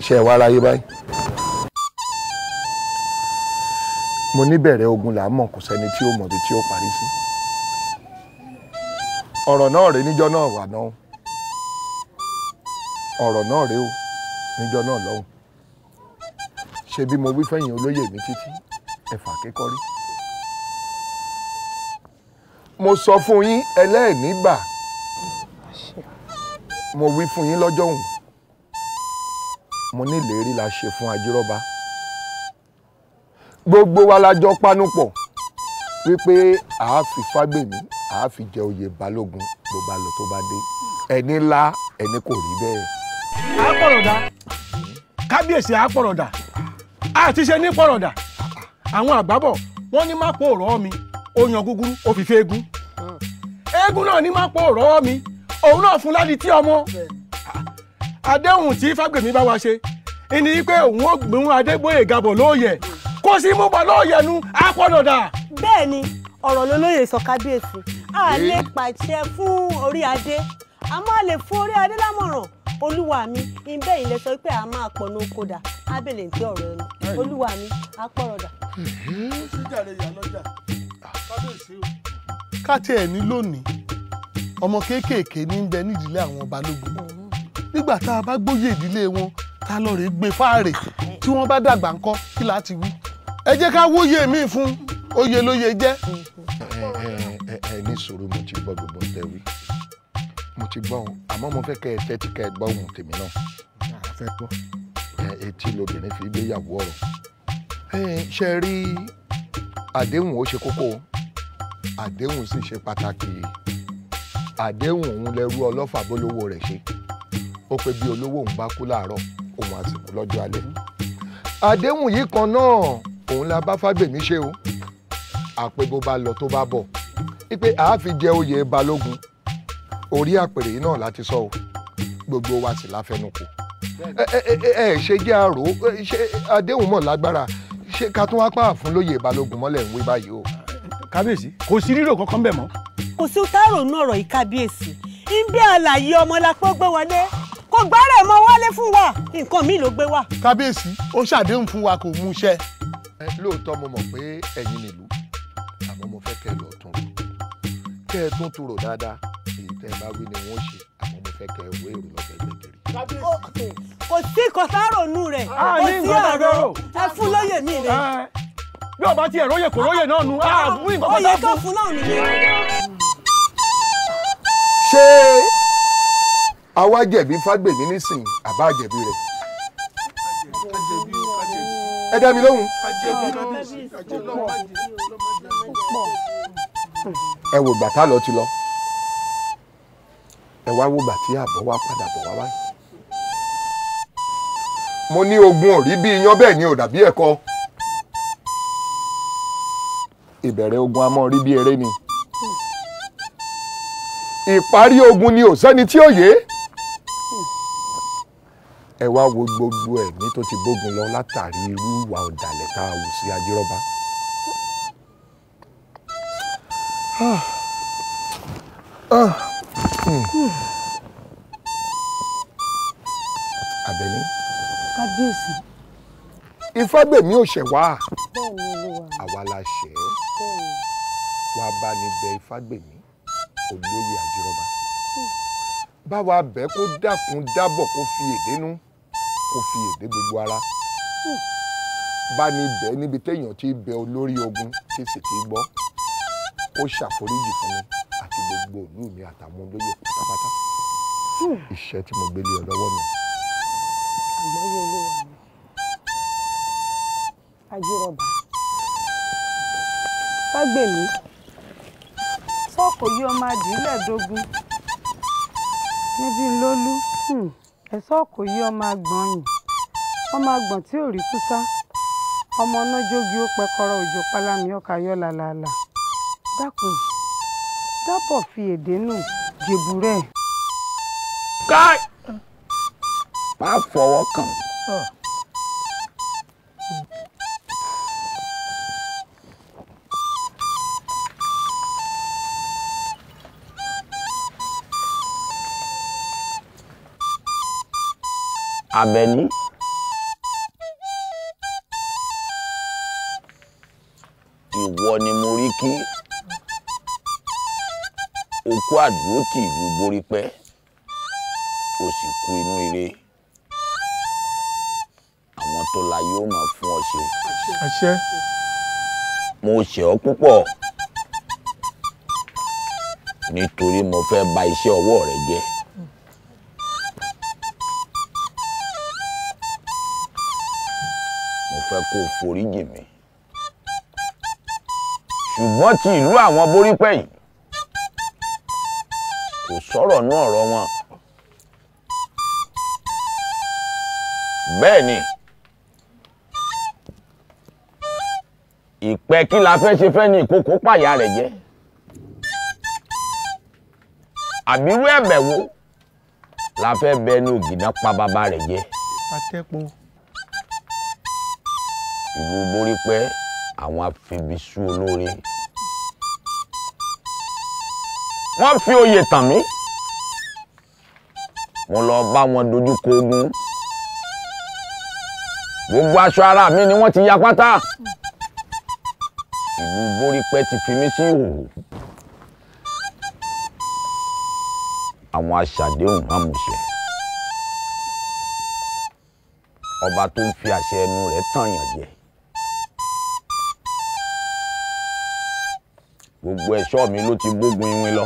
A: ṣé ẹ wá ráyé báyìí mo níbẹ̀rẹ̀ ogun là á mọ̀ kò sẹ́ni tí ó mọ̀dé tí ó parí sí. ọ̀rọ̀ náà rèé níjọ́ náà wà náà ọ̀rọ̀ náà rèé o níjọ́ náà lọ́hùn ṣe bí mo wí fẹ́yìn olóyè mi títí ẹ̀fà kékọ́rí. mo sọ fún yín ẹlẹ́ẹ̀ní mo wí fún yín lọ́jọ́ òun mo ní ìlérí la ṣe fún ajírọ́ba gbogbo wa la jọ panupọ̀ wípé àáfi fágbèmí àáfi jẹ oyè balógun ló bá lọ tó bá dé ẹni ńlá ẹni kò rí bẹ́ẹ̀. àpọ̀rọ̀dà kábíyèsí àpọ̀rọ̀dà àti ṣe ní pọ̀rọ̀dà àwọn àgbábọ̀ wọ́n ní má pò rọ́ mi oyan gúgúrú ó fi fẹ́ egun eégún náà ní má pò rọ́ mi òun náà fún ládi tí ọmọ àdéhùn tí fágbèmí bá wa ṣe ìní pé òun ó gbìmú adégbòye gabọ̀ lóòyẹ̀ kò sí mú bọ̀ lóòyẹnu àpọ̀dọ̀dà.
C: bẹ́ẹ̀ ni ọ̀rọ̀ lolóyè sọ kábíyèsí a lè pàṣẹ fún orí adé a máa lè fún orí adé lámọ̀ràn olúwa mi ìbẹ́ yìí lè sọ pé a máa pọ̀ ní okòdà ábẹ̀lẹ̀ tí ọ̀rọ̀ ẹnu olúwa mi á pọ̀rọ̀dà.
A: ó ah. káti ẹ̀ ní lónìí ọmọ kéékèèké ní bẹ nídìílé àwọn balógun nígbà tá a bá gbóyè ìdílé wọn ta lọ rèé gbé fáàrè tí wọ́n bá dàgbà ńkọ́ kí láti wí ẹ jẹ́ ká wóye mi fún oyè lóye jẹ́. ẹ ẹ ní sùúrù mo ti gbọ́ gbogbo tẹ wí mo ti gbọ́ òun àmọ́ mo fẹ́ kẹ́ ẹ tẹ́tí ká ẹ gbọ́ òun tèmi náà. àfẹ́ gbọ́. etí lobìnrin fi gbéyàwó ọ̀rọ̀ ṣe rí àdéhùn ó ṣe kókó àdéhùn sì ṣe pàtàkì àdéhùn òun lẹ́rú ọlọ́fà bólówó rẹ̀ ṣe ó pé bí olówó òun bá kú láàárọ̀ òun àsìkò lọ́jọ́ alẹ́ àdéhùn yìí kan náà òun la bá fábèmí ṣe o àpè bó ba lọ tó bá bọ̀ wípé àáfi jẹ oyè balógun orí àpèrè yìí náà láti sọ o gbogbo wa sì láfẹnukò ẹ ẹ ṣe jẹ́ àrò ṣe àdéhùn mọ̀ lágbára ṣé ká tún wá pàà fún lóyè balógun mọ́lẹ̀ ń wí báyìí o. kábíyèsí kò sí rírò
C: kankan bẹ́ẹ̀ mọ́. kò sí tààrò nínú ọ̀rọ̀ yìí kábíyèsí ń bí àlàyé ọmọlápọ̀ gbé wọlé kò gbárẹ̀ mọ́ wálé fún wa nǹkan míì ló gbé wá. kábíyèsí ó ṣàdéhùn fún wa kò
A: mú iṣẹ́ lóòótọ́ mo mọ̀ pé ẹ̀yin nìlú àmọ́ mo fẹ́ kẹ́ ẹ lọ tún rò kẹ́ ẹ tún tún rò dáadáa èyí tẹ́ ẹ bá wí ni wọ́n ṣe àmọ́ mo fẹ́ kẹ́ ẹ wé èrò lọ́sẹ̀
G: gbẹ̀gẹ̀rì.
C: kò sí kọsárònú rẹ̀
A: kò sí ọ̀rọ̀
C: ẹ fún lóye mi rẹ̀.
A: bí ọba ti ẹ̀rọ yẹ kò róye náà nu àbúrò ìgbàgbọ́dá fún. oyè tó fún náà nìyẹn. ṣé àwa jẹ̀bi fágbèmí nísìnyí àbá jẹ̀bi rẹ̀ ẹ dá mi lóhùn. ẹ wò gbà tá lọ ti lọ ẹ wá wò gbà tí àbọ̀ wá padà bọ̀ wá báyìí. mo ní ogun òrí bí iyán bẹ́ẹ̀ ni ò dàbí ẹ̀kọ́ ìbẹ̀rẹ̀ ogun a rí bí eré ni ìparí ogun ni ò sẹ́ni tí ó yé ẹ wá wo gbogbo ẹ̀mí tó ti bógun lọ látàrí irú ìwà ọ̀dàlẹ̀ tá a wù sí ajírọ́bá. Àbẹ̀ní.
C: kábíyèsí. ìfágbèmí
A: ò ṣẹ̀ wá. àwa la ṣẹ̀ ẹ́. wàá bá ní bẹ ìfágbèmí olóyè ajírọ́bá. Hmm. báwa bẹ́ẹ̀ kó dákun dábọ̀ kó fi èdè nú kó fi èdè gbogbo ara bá ní bẹ́ẹ̀ níbi téèyàn ti bẹ olórí ogun tí sì ti gbọ́ ó ṣàforíjì fún mi àti gbogbo ìlú mi àtàwọn olóyè pátápátá iṣẹ́ tí mo gbélé ọ lọ́wọ́ mi.
D: àgbáyé olówó àná
C: ajírọ̀bà fágbèmí sọ́kò yìí ọmọ adìyẹ lẹ́ẹ̀dógún níbi lólú. Hmm ẹ̀sọ́ kò yí ọmọ àgbọ̀n yìí ọmọ àgbọ̀n tí ò rí kúsá ọmọ ọ̀nà jogi ó pẹkọrọ òjò pálámi ọkà yọ làlàlà dákun dábọ̀ fi èdè nù jèbù rẹ̀. ká má
D: fọwọ́ kàn.
C: Oh.
A: Àbẹ̀ní. ìwọ ni mo rí kí o kú àdúrótì ìlú borí pẹ́ o sì kú inú ire àwọn tó la yóò máa fún ọ ṣe. àṣẹ. mo ṣe ọ púpọ̀ nítorí mo fẹ́ bà iṣẹ́ ọwọ́ rẹ jẹ́. kó o forí jì mí ṣùgbọ́n ti ìlú àwọn borípẹ́ yìí kò sọ̀rọ̀ nú ọ̀rọ̀ wọn bẹ́ẹ̀ ni ìpẹ́ kí la fẹ́ ṣe fẹ́ ni ìkókó pàyà rẹ̀ jẹ́ àbírú ẹ̀bẹ̀ wo la fẹ́ bẹ ní ògìdá pa bàbá rẹ̀ jẹ́ ìlú borípẹ́ àwọn afibisú olóore wọ́n fi oyè tàn mí mo lọ bá wọn dojú kọ ogun gbogbo aṣọ ara mi ni wọ́n ti ya pátá ìlú borípẹ́ ti fi mí sí ìhòòhò àwọn aṣàdéhùn amúṣẹ ọba tó ń fi àṣẹ ẹnu rẹ̀ tàn yàn jẹ. gbogbo ẹ̀ṣọ́ mi ló ti gbógun iwin lọ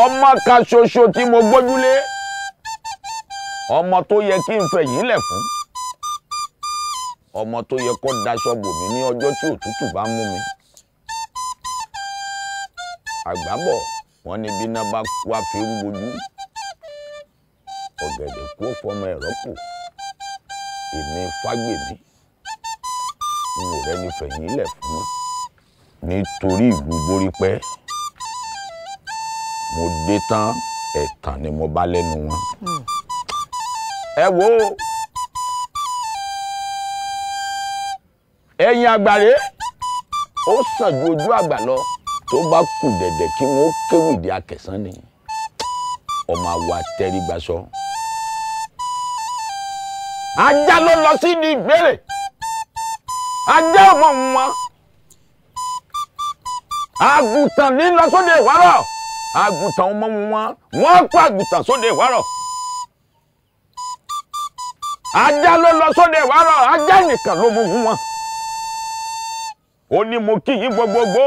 A: ọmọ kan ṣoṣo tí mo gbójúlé ọmọ tó yẹ kí n fẹ̀yìn lẹ̀ fún ọmọ tó yẹ kó daṣọ bò mí ní ọjọ́ tí òtútù bá mú mi àgbábọ̀ wọn ní bí náà bá wá fi ń bojú ọ̀gẹ̀dẹ̀ kú fọmọ ẹ̀rọ pò èmi fágbèmí n ò rẹ́ni fẹ̀yìn lẹ̀ fún mi nítorí ìlú borípẹ́ mo dé tán ẹ̀tàn ni mo bá lẹ́nu wọn. ẹ wo ẹ̀yin àgbàre ó sàn ju ojú àgbà lọ tó bá kù dẹ̀dẹ̀ kí wọ́n kéwìdí akẹ̀sán ni ọmọ àwa tẹríba sọ. ajá ló lọ sí ní ìgbérè ajá ọmọ wọn àgùntàn ní lọ sóde ìwárọ̀ àgùntàn ọmọ wọn wọ́n pa àgùntàn sóde ìwárọ̀ ajá ló lọ sóde ìwárọ̀ ajá nìkan ló mú wọn ó ní mo kí yín gbogbogbò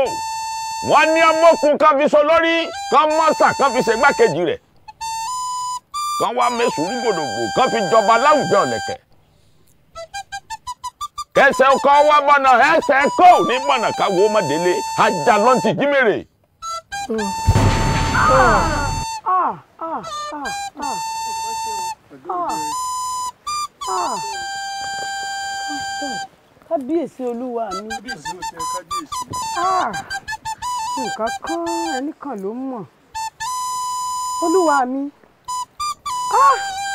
A: wọ́n ní ọmọkùn kan fi so lórí kan mọ́sà kan fi ṣègbàkejì rẹ̀ kan wá mẹ́sùn rúgbòdògbò kan fi jọba láwùjọ lẹ̀kẹ̀ kẹsẹ̀ ọkọ̀ wa mọ̀nà ẹsẹ̀ kọ́ ní mọ̀nà káwọ́ mọ̀délé ajá ló ń ti jí mèrè.
C: kábíyèsí olúwa mi ah! nǹkan kan ẹnì kan ló mọ̀ olúwa mi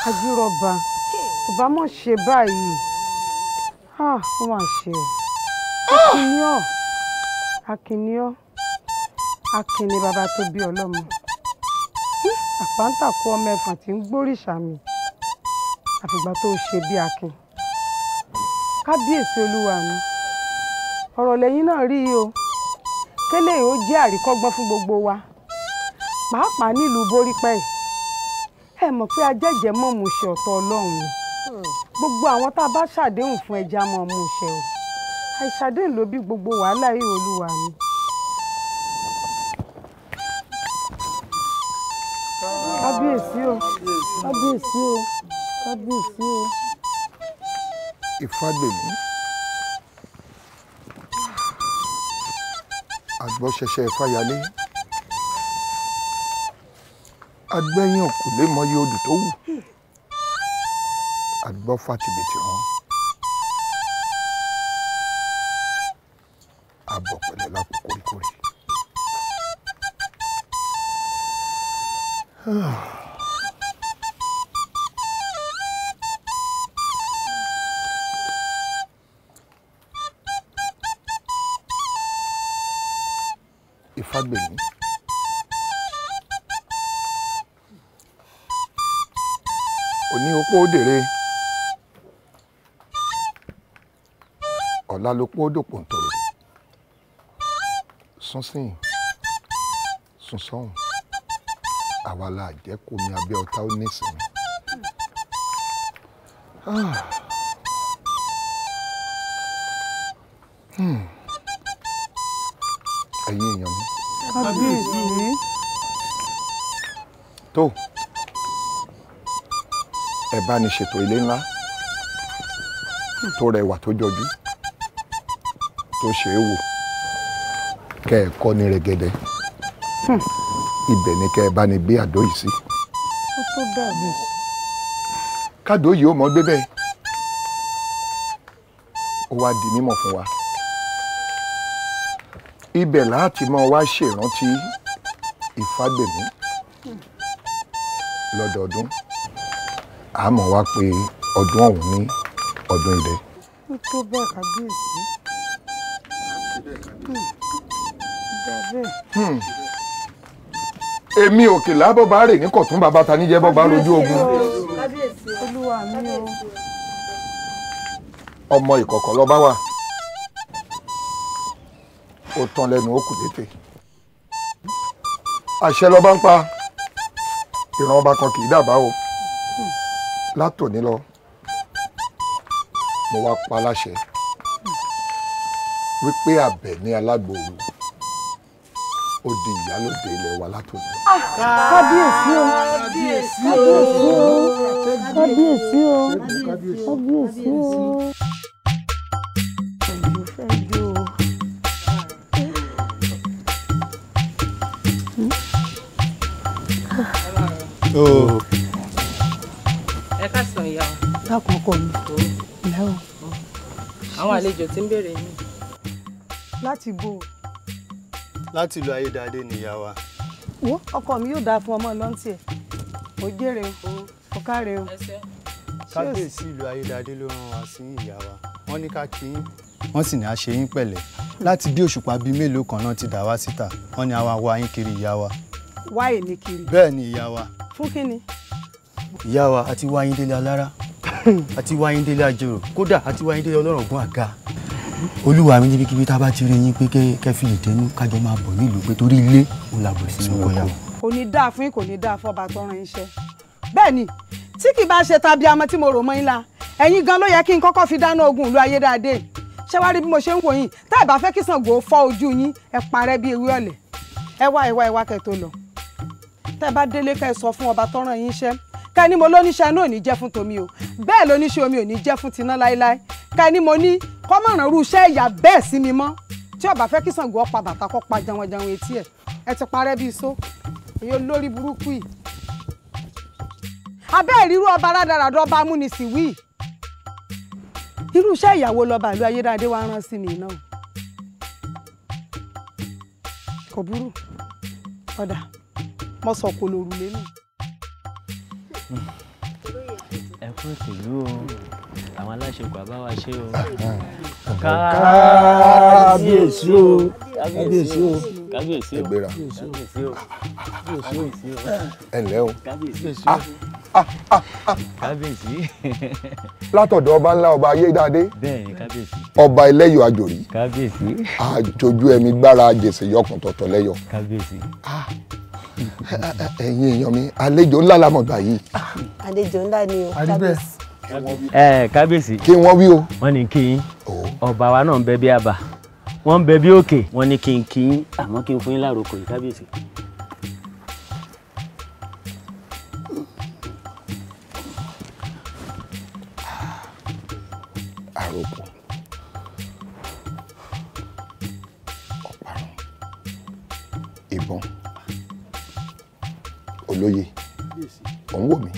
C: àjírọ̀bà ah! ò bá mọ̀ ṣe báyìí ó mà ṣe o akínyọ́ akínyọ́ akíní bàbá tó bí ọlọ́mọ àpáńtàkù ọmọ ẹ̀fà tí ń gbóríṣà mi àfìgbà tó ṣe bí akin kábíyèsí olúwa mi ọ̀rọ̀ lẹ́yìn náà rí i o kélé yìí ó jẹ́ àríkọ́gbọ́n fún gbogbo wa pàápàá nílùú borípẹ́ ẹ̀ mọ̀ pé ajẹ́jẹ́ mọ̀mùṣe ọ̀tọ̀ ọlọ́run ni gbogbo àwọn tá a bá ṣàdéhùn fún ẹja mọ ọmọ ìṣẹ o àìṣàdéhùn ló bí gbogbo wàhálà yìí olúwa mi.
G: kábíyèsí o kábíyèsí o kábíyèsí o.
A: ìfàgbèmí àgbọ̀ṣẹṣẹ ìfàyàlé agbẹ́yìn òkú lè mọyì odò tó wù. Hmm agbọ́fà tìbìtì hàn abọ̀ pẹ̀lẹ́ lápò kórìkórì. Ifágbèmí. òní opó òdèrè. ọ̀la ló pọ́ dòpò ń tọrọ sún síyìn sún sọ́hùn àwa la jẹ́ kó mi abẹ́ ọ̀tá ó nísìnyí. Ah. Hmm. ẹ̀yin èèyàn mi.
D: kábíyèsí mi.
A: tó ẹ bá ní ṣètò ilé ńlá tó rẹwà tó jọjú tó ṣe é wò kẹ́ ẹ kọ́ ní rẹ̀gẹ̀dẹ̀ hmm. ibẹ̀ ni kẹ́ ẹ bá ní gbé àdó yìí sí.
D: ó tó dàbí.
A: kádò yìí ó mọ gbé bẹ́ẹ̀ ó wá di mímọ̀ fún wa ibẹ̀ láti máa wá ṣèrántí ìfágbèmí hmm. lọ́dọọdún àmọ́ wá pé ọdún ọ̀hún ní ọdún ilẹ̀.
D: tó bẹ́ẹ̀ kábíyèsí.
A: Hmm. èmi òkè lábọ́bá rè ní kọ̀tún bàbá ta níjẹ́ bọ́bá lójú ogun ọmọ ìkọ̀kọ̀ lọ́ba wa ó tán lẹ́nu ó kù tètè àṣẹ lọ́ba ń pa ìran ọba kan kì í dàbá o látòní lọ mo wá pa láṣẹ wípé àbẹ̀ ní alágbòru ó di ìyálòde ilẹ̀ wa látòdì.
D: kábíyèsí o kábíyèsí o
C: kábíyèsí o kábíyèsí o. ẹ ká sàn ìyá wa. lákòókò mi àwọn àlejò tí ń béèrè yín láti bo. láti lo
A: ayédáadé ni ìyá wa.
C: wo ọkọ mi yóò dáa fún ọmọ lọ́ntì ẹ̀ ó jèrè o ó káre o.
D: kábíyèsí
F: ìlú ayédáadé ló rán wa sí ìyá wa wọ́n ní ká kí yín
A: wọ́n sì ní a ṣe yín pẹ̀lẹ́ láti bí òṣùpá bíi mélòó kan náà ti dà wá síta wọ́n ní àwa wá yín kiri ìyá wa.
C: wá èmi kiri.
A: bẹ́ẹ̀ ni ìyá wa. fún kí ni. ìyá wa àti wáyíndélé alára (laughs) àti wáyíndélé àjèrò kódà àti wáyíndélé ọlọ́rọ̀gún àga olúwa mi níbikíbi tá a bá ti rí yín pé kẹfì lè dẹnu kájọ máa bọ̀ nílùú pé torí
G: ilé òun là bọ̀ sínú ọkọ.
C: kò ní dáa fún yín kò ní dáa fọba tó ran iṣẹ́ bẹ́ẹ̀ ni tí kì bá ṣe tàbí amọ tí mo rò mọ́ yín la ẹ̀yin gan ló yẹ kí n kọ́kọ́ fi dáná ogun ìlú ayédáadé ṣé wàá rí bí mo ṣe ń wò yín tá ẹ bá fẹ́ kí Ṣàngó fọ́ ojú yín ẹ parẹ́ bí ewé ọ̀lẹ̀ ẹ wá ẹ wá ẹ wá kẹ́ tó lọ tá ẹ bá délé ká ẹ sọ fún ọba tó rán yín iṣẹ́ ká ní mo lóníṣẹ́ náà ò ní jẹ́ fún tomi o bẹ́ẹ̀ lóníṣẹ́ omi ò ní jẹ́ fún tiná láéláé ká ní mo ní kọ́mọ̀ràn irú iṣẹ́ ìyà bẹ́ẹ̀ sí mi mọ́ tí ọba fẹ́ kí Ṣàngó ọ̀pá bàtà kọ́ pa jàǹwàjàǹwà etí ẹ̀ ẹ ti parẹ́ bíi só èyí lórí burúkú yìí. abẹ́ ìrírú ọba rádaràdọ́ ọba amúnisìn wí irú iṣẹ́ ìyàwó lọ́ba ìlú ayédáadé wa rán sí mi náà kò burú ọ̀dà mo sọ kò lòrùlé náà
A: ẹ kú ìtìlú o àwọn aláṣẹ kò bá wa ṣe o. kábíyèsí o kábíyèsí o kábíyèsí o ẹgbẹ́ra kábíyèsí o ẹ ǹlẹ́ o kábíyèsí o kábíyèsí. látọ̀dọ̀ ọba ńlá ọba ayédáadé. bẹ́ẹ̀ni kábíyèsí. ọba ẹlẹ́yọ̀ àjòrí. kábíyèsí. àjòjú ẹ̀mí gbára jèsè yọkùn tọ̀tọ̀ lẹ́yọ̀.
D: kábíyèsí. Ah
A: ẹ̀yin èèyàn mi àlejò ńlá la mọ̀ gbà yìí.
C: àlejò ńlá ni o kábíyèsí.
A: ẹ kábíyèsí. kí wọ́n wí o. wọ́n ní kí n ọba wa náà ń bẹ bí àbà wọ́n ń bẹ bí òkè wọ́n ní kí n kí n àmọ́ kí n fún yín láròkò yìí kábíyèsí. àròkò. olóye ò ń wò mí.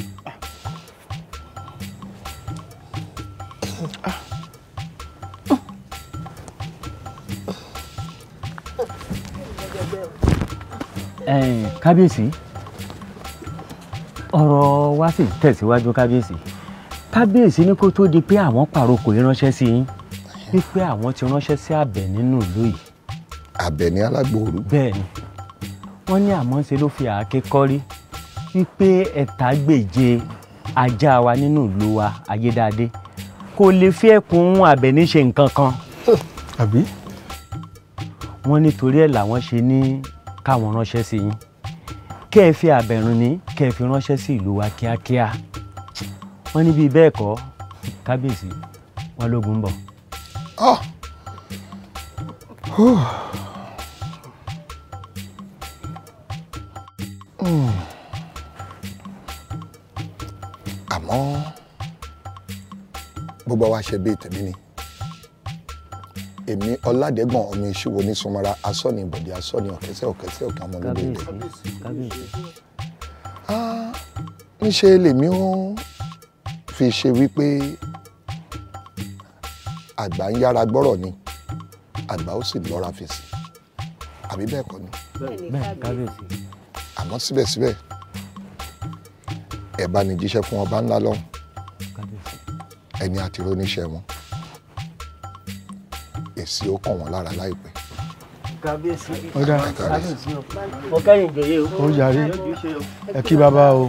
G: kábíyèsí ọ̀rọ̀ wa sì tẹ̀síwájú kábíyèsí kábíyèsí ní kó tó di pé àwọn pàrokò ìránṣẹ́ sí yín wípé àwọn ti ránṣẹ́ sí àbẹ̀ nínú ìlú yìí.
A: àbẹ̀ ni alágbòòrú.
G: bẹ́ẹ̀ni wọ́n ní àmọ́ ṣe ló fi àáké kọ́rí wípé ẹ̀tàgbèje
A: ajá wa nínú ìlú wa ayédáadé kò lè fi ẹkùn abẹ́ní ṣe nǹkan
G: kan. (laughs) àbí. wọ́n nítorí ẹ̀ làwọn ṣe ní káwọn ránṣẹ́ sí yín kẹ́ ẹ fi àbẹ̀rùn ní kẹ́ ẹ fi ránṣẹ́ sí ìlú wa kíákíá wọ́n ní bíi bẹ́ẹ̀ kábíyèsí wọn lógun ń bọ̀. Oh.
A: wá ṣe bíi tèmi ni èmi ọládẹgàn ọmọ ìṣòwò ní sọmọra asọni ìbọdẹ asọni ọkẹsẹ ọkẹsẹ ọkẹ àwọn olóde ìlẹ ah, níṣe lèmi ó fi ṣe wípé àgbà ń yára gbọ́rọ̀ ni àgbà ó sì lọ́ra fèsì àbí bẹ́ẹ̀ kọ́ ni àmọ́ síbẹ̀síbẹ̀ ẹ̀ bá ní jíṣẹ́ fún ọba ńlá lọ́hùn ẹni àti oníṣẹ́ wọn èsì ó kàn wọ́n lára láìpẹ́.
G: kábíyèsí kábíyèsí o kẹ́yìn gbèrè o. ó yàrí ẹ kí bàbá
B: o.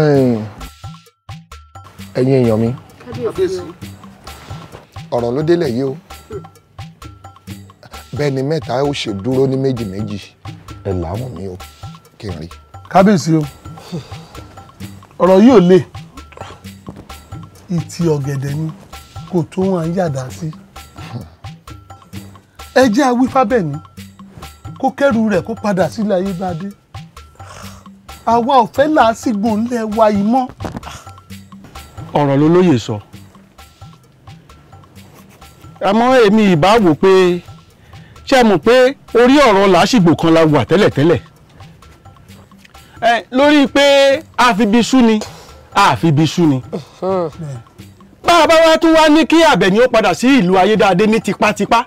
A: ẹ̀yin èèyàn mi ọ̀rọ̀ ló délẹ̀ yìí o bẹ́ẹ̀ ni mẹ́ta ó ṣe dúró ní méjì méjì ẹ̀ làwọn mi o kí n rí. kábíyèsí o. (laughs) ọ̀rọ̀ yìí ò le ìtì ọ̀gẹ̀dẹ̀ ni kò tó wọn yàdá sí ẹ jẹ́ awífábẹ̀ ni kó kẹ́rù rẹ̀ kó padà sílé ayé bá dé àwa ò fẹ́ ńlẹ̀ wa yìí mọ́. ọ̀rọ̀ ló lóye sọ àmọ́ èmi ìbá wò pé ṣé ẹ pé orí ọ̀rọ̀ làásìgbò kan la wà tẹ́lẹ̀tẹ́lẹ̀ lórí pé àfibisú ni àfibisú ni bá a bá wá tún wá ní kí àbẹ̀ní ó padà sí ìlú ayédáadé ní tipátipá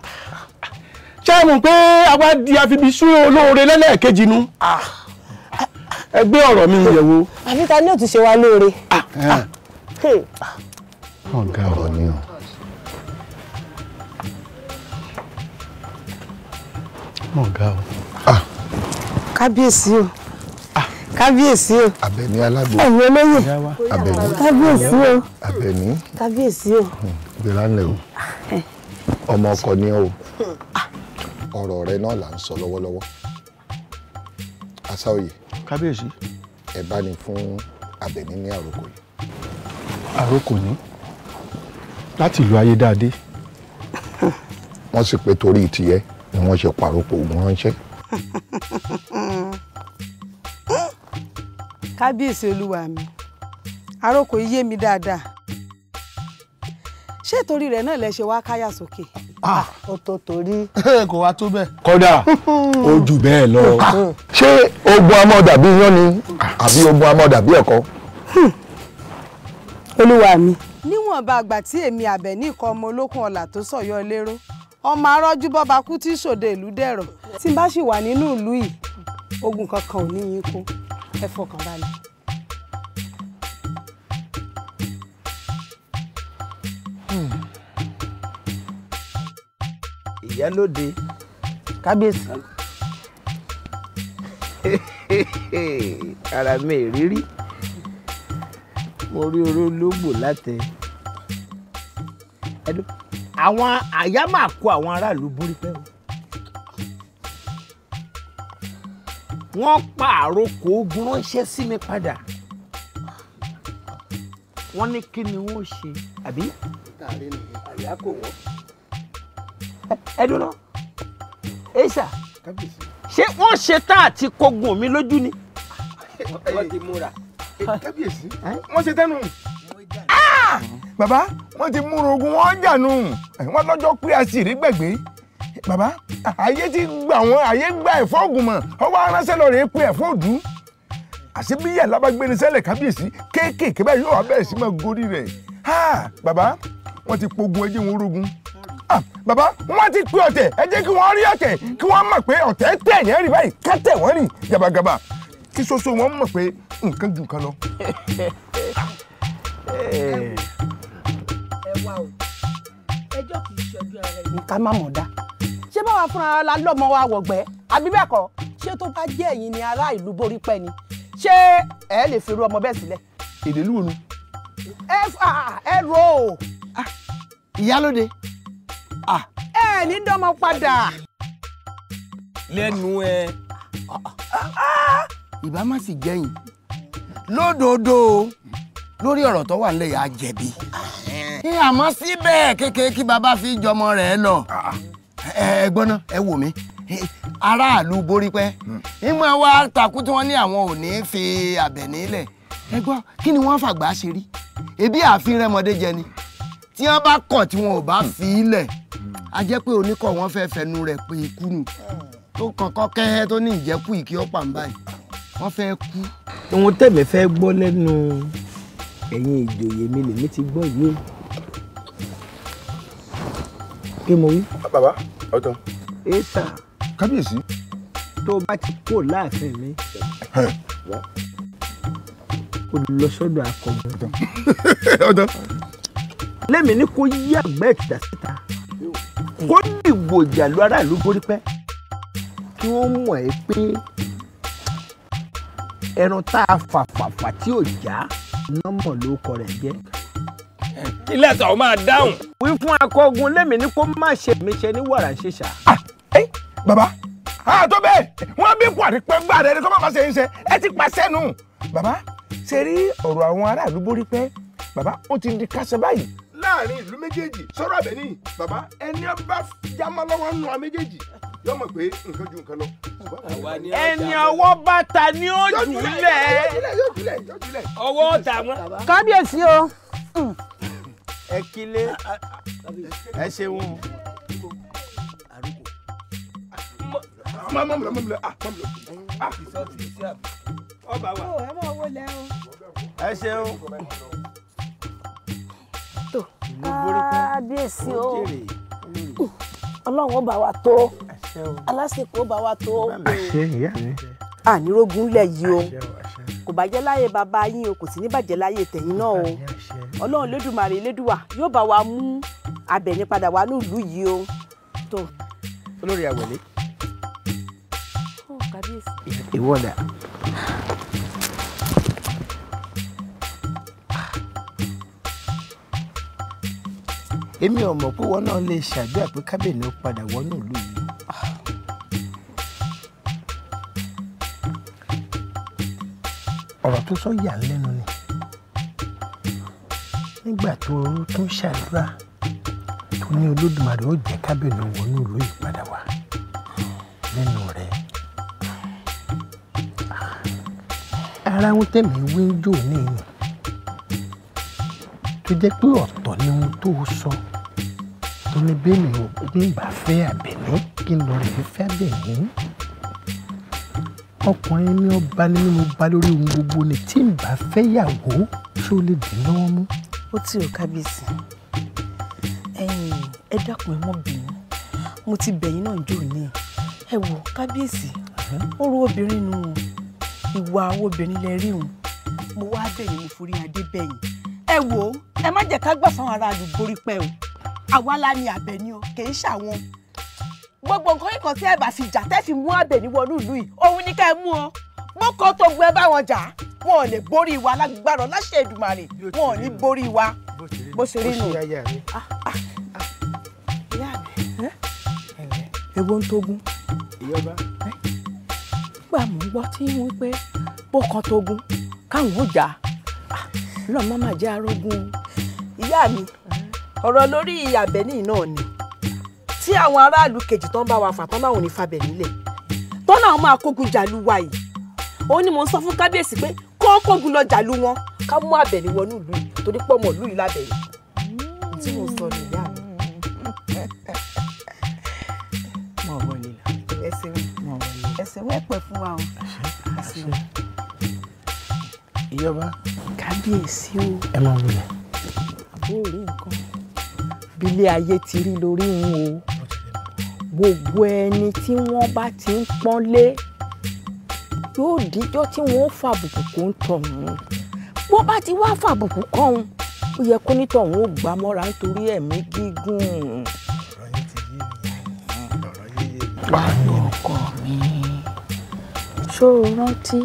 F: ṣé mo pé àwa di àfibisú olóore lẹ́lẹ́ẹ̀kejì nu ẹ gbé ọ̀rọ̀ mi yẹ̀ wò. àfi ta ni ó ti ṣe wá lóore. Ah, ah.
A: ọ̀gá ọ̀rọ̀ ni o. ọ̀gá
F: o. Ah.
C: kábíyèsí o
F: kábíyèsí o abẹni alágbó ẹ̀mí olóyè abẹni kábíyèsí o
A: abẹni
C: kábíyèsí o hmm, ìrànlẹ̀ o eh.
A: ọmọ ọkọ ni o ọ̀rọ̀ rẹ náà là ń sọ lọ́wọ́lọ́wọ́ asáòyè kábíyèsí ẹ bá ní fún abẹni ní àròkò yìí. àròkò ni láti ìlú ayédáadé. wọ́n sì pé torí ìtìyẹ́ ni wọ́n ṣe pàrọ̀pọ̀ ògùn ránṣẹ́. (laughs)
C: kábíyèsí olúwa mi àròkò yé mi dáadáa ṣé torí rẹ̀ náà lẹ ṣe wá káyà sókè. Ah. Ah, ó tó torí. (laughs) kò wá tó bẹ́ẹ̀.
A: kódà ó jù bẹ́ẹ̀ lọ. (laughs) Ah. ṣé ogun amọ̀ dàbí iyán ni àbí ogun amọ̀ dàbí ẹ̀kọ́. Hmm. olúwa mi.
C: níwọ̀nba àgbà tí èmi àbẹ̀ ní ikọ̀ ọmọ olókùn ọ̀là tó sọ̀yọ́ lérò ọmọ arọ́jú bọ́ba kú tí ṣòde ìlú dẹ̀rọ̀ tí n bá sì wà nínú ìlú yìí ogun kankan ò ní yín kó ẹ fọkàn balẹ̀.
G: Hmm. ìyálóde kábíyèsí (laughs) ara mi ìrírí mo rí oró lógbò látẹ àwọn àyà máa kó àwọn aráàlú bórí pẹ́ o. wọ́n pààrọ̀ kó ogun ránṣẹ́ sí mi padà wọ́n ní kí ni wọ́n ṣe àbí. tààrí ni àyà kò wọ́. ẹ dúró ẹ̀ṣà ṣé wọ́n ṣe tá àti kogun mi lójú ni. wọ́n ti múra. kábíyèsí
A: wọ́n ṣe tẹ́nu. Ah! bàbá wọ́n ti múra ogun wọ́n jànú wọ́n lọ́jọ́ pé a sì rí gbẹ̀gbẹ́ baba ayé ti gbà wọn ayé gba ẹ̀fọ́ ògùnmọ̀ ọwọ́ aránṣẹ́ lọ rèé pé ẹ̀fọ́ òdú àṣé bí yàrá bá gbéni sẹ́lẹ̀ kábíyèsí kéékèèké báyìí yóò wá bẹ̀rẹ̀ sí máa gorí rẹ̀ bàbá wọ́n ti pogun ẹjẹ́ wọn ah baba wọ́n ti pe ọ̀tẹ̀ ẹ jẹ́ kí wọ́n rí ọ̀tẹ̀ kí wọ́n mọ̀ pé ọ̀tẹ̀ tẹ̀ yẹn rí báyìí ká tẹ̀ wọ́n rìn gàbàgàbà kí soso wọn mọ̀ pé nǹkan ju nǹkan lọ. (laughs)
D: ẹ wá o ẹjọ́ kì í ṣojú ara
C: rẹ̀. nǹkan má mọ̀ dá ṣé báwa fúnra la lọ́mọ wa wọ̀gbẹ́ àbí bẹ́ẹ̀ kọ́ ṣé tó bá jẹ́ ẹ̀yin ni ará ìlú borí pẹ́ ni ṣé ẹ lè fi ru ọmọ bẹ́ẹ̀ sílẹ̀.
A: èdè lù nu.
G: ẹ fà
C: ẹ ro. ìyálóde. ẹ ní dọ́mọ
A: padà. lẹ́nu ẹ. ìbá má sì jẹ́yìn lódodo lórí ọ̀rọ̀ tó wà nílẹ̀ yà á jẹ̀bi. àmọ́ síbẹ̀ kékeré kí baba fi jọmọ rẹ̀ lọ ẹ gbọ́n ná ẹ wò mí aráàlú borí pẹ́ ìmọ̀ hmm. wa takú tí wọ́n ní àwọn ò ní fi àbẹ̀ nílẹ̀ ẹ gbọ́ kí ni wọ́n fàgbà ṣe rí ebi ààfin rẹmọdé jẹ ni tí wọ́n bá kọ̀ tí wọn ò bá hmm. fi í a jẹ́ pé oníkọ̀ wọn fẹ́ fẹnu rẹ̀ pé ikú nù tó kọ̀kọ́ kẹ́hẹ́ tó ní ìjẹ́kù ìkí ọ̀pá ń báyìí
G: wọ́n fẹ́ kú. ohun tẹ̀mí fẹ́ gbọ́ lẹ́nu ẹ̀yin ìjòyè mi lèmi ti gbọ́ yìí kí mo wí.
A: Ah, bàbá ọtàn.
G: ètà. kábíyèsí. tó o bá ti kó láàfin mi. o lọ sọ́dọ̀ akọgbọn. (laughs) ọtàn. lẹ́mi ní kó yí àgbẹ̀ ìtìjà síta kó dìgbò ìjà lu aráàlú borí pẹ́ kí wọ́n mọ̀ ẹ́ pé ẹran tá a fàfàfà tí ò já nọ́mọ̀ ló kọ rẹ̀ jẹ́ ilé ẹ̀sà ò máa dáhùn. wí fún akọgun lémi ní kó má ṣe mi ṣe ní wàrà ń ṣèṣà.
A: Ah, bàbá àtọ́ ah, bẹ́ẹ̀ wọ́n bí buhari pẹ́ gbà rẹ̀ kó má bá ṣe ń ṣe ẹ ti pa sẹ́nu. bàbá ṣe rí ọ̀rọ̀ àwọn aráàlú borí pẹ́ bàbá ó ti di kásán báyìí láàrin ìlú méjèèjì sọ̀rọ̀ àbẹ̀ ní bàbá ẹni ọba jámọ́ lọ́wọ́ nù ọ méjèèjì yóò mọ̀ pé nǹkan ju nǹkan lọ. ẹni ọwọ́
C: bàtà ni ó
A: jù
G: lẹ̀ ọwọ́ tàwọn. kábíyèsí o ẹ kílé
A: ẹ ṣeun. mọ̀mọ́mọ́lọ́ ah mọ̀mọ́lọ́ ah.
C: ọba wa. Oh, ẹ mọ̀ owó lẹ o. ẹ tó ah, kábíyèsí o ọlọ́run ó bá wa tó alásìkò ó bá wa tó. àṣẹ ìyá mi ànírógun lẹ̀ yìí o kò bàjẹ́ láyé bàbá yín o kò sì ní bàjẹ́ láyé tẹ̀yìn náà o ọlọ́run lódùmarè lẹ́dùwà yóò bá wa mú abẹ̀ni padà wá nílùú yìí o tó.
G: olórí àwẹ̀lé. ó èmi ò mọ̀ pé wọn náà lè ṣàdúrà pé kábíyèsí ó padà wọnú ìlú yìí. ọ̀rọ̀ tó sọ yà lẹ́nu ni nígbà tó tó ń ṣàdúrà tó ní olódùmarè ó jẹ́ kábíyèlú wọnú ìlú ìpadà wá lẹ́nu rẹ̀ ara ń tẹ̀mí wíńdò ní ìyẹn tó jẹ́ pé ọ̀tọ̀ ni ohun tó sọ tó ní bẹ́ẹ̀ ni ò ní ìgbà fẹ́ àbẹ̀ní kí n lọ rẹ̀ fẹ́ àbẹ̀ní ọkùnrin ní ọba ní mímú ba lórí ohun gbogbo ni tí n bá fẹ́ yàwó ṣé o lè dín lọ́wọ́ mú.
C: ó ti ò kábíyèsí ẹ dákun ẹ mọ́ bínú mo ti bẹ̀yìn náà jò ní ẹ wò kábíyèsí ó uh-huh. rú obìnrin nù ìwà obìnrin lẹ rí òun mo wá bẹ̀yìn mo forí adé bẹ̀yìn ẹ wò ẹ má jẹ́ ká gbà fáwọn ará àdúgbò pẹ́ o àwa la ni àbẹ̀ ni o kì í ṣàwọn gbogbo nǹkan yìí kan tí ẹ bá sì jà tẹ́ fi mú Àbẹ̀ní wọnú ìlú yìí òun ni ká ẹ mú ọ mo kọ́ tó gbẹ báwọn jà wọn ò lè borí wa lágbára láṣẹ Èdùmàrè wọn ò ní borí wa bó ṣe rí nù. èwo ń tógun. ìyọba. nígbà mò ń gbọ́ tí wọ́n pé bó kan tógun káwọn ò jà ah, lọ́mọ máa jẹ́ arógun. ìyá mi ọ̀rọ̀ lórí Àbẹ̀ní náà ni tí àwọn aráàlú kejì tó ń bá wa fà tán láwọn ò ní fabẹ̀ nílẹ̀ tán náà máa kógun jàlú wa yìí òun ni mò ń sọ fún kábíyèsí pé kó kógun lọ jàlú wọn ká mú àbẹ̀ní wọnú ìlú torí pọ̀ mọ̀ ìlú yìí tí mò sọ nìyá mi. mọ̀ wọ́n lè la ẹsẹ̀ wọ́n ẹsẹ̀ wọ́n pẹ̀ fún wa o ẹsẹ̀ wọ́n. ìjọba kábíyèsí o. ẹ máa wọlé. àbúrò rí nǹkan bílé ayé ti rí lórí ń o gbogbo ẹni tí wọ́n bá ti ń pọ́nlé yóò díjọ́ tí wọ́n fàbùkù kó ń tọ̀hún bó bá ti wá fàbùkù kọ́hún ó yẹ kó ní tọ̀hún ó gbà mọ́ra nítorí ẹ̀mí gígùn. wà ọkọ mi ṣó rántí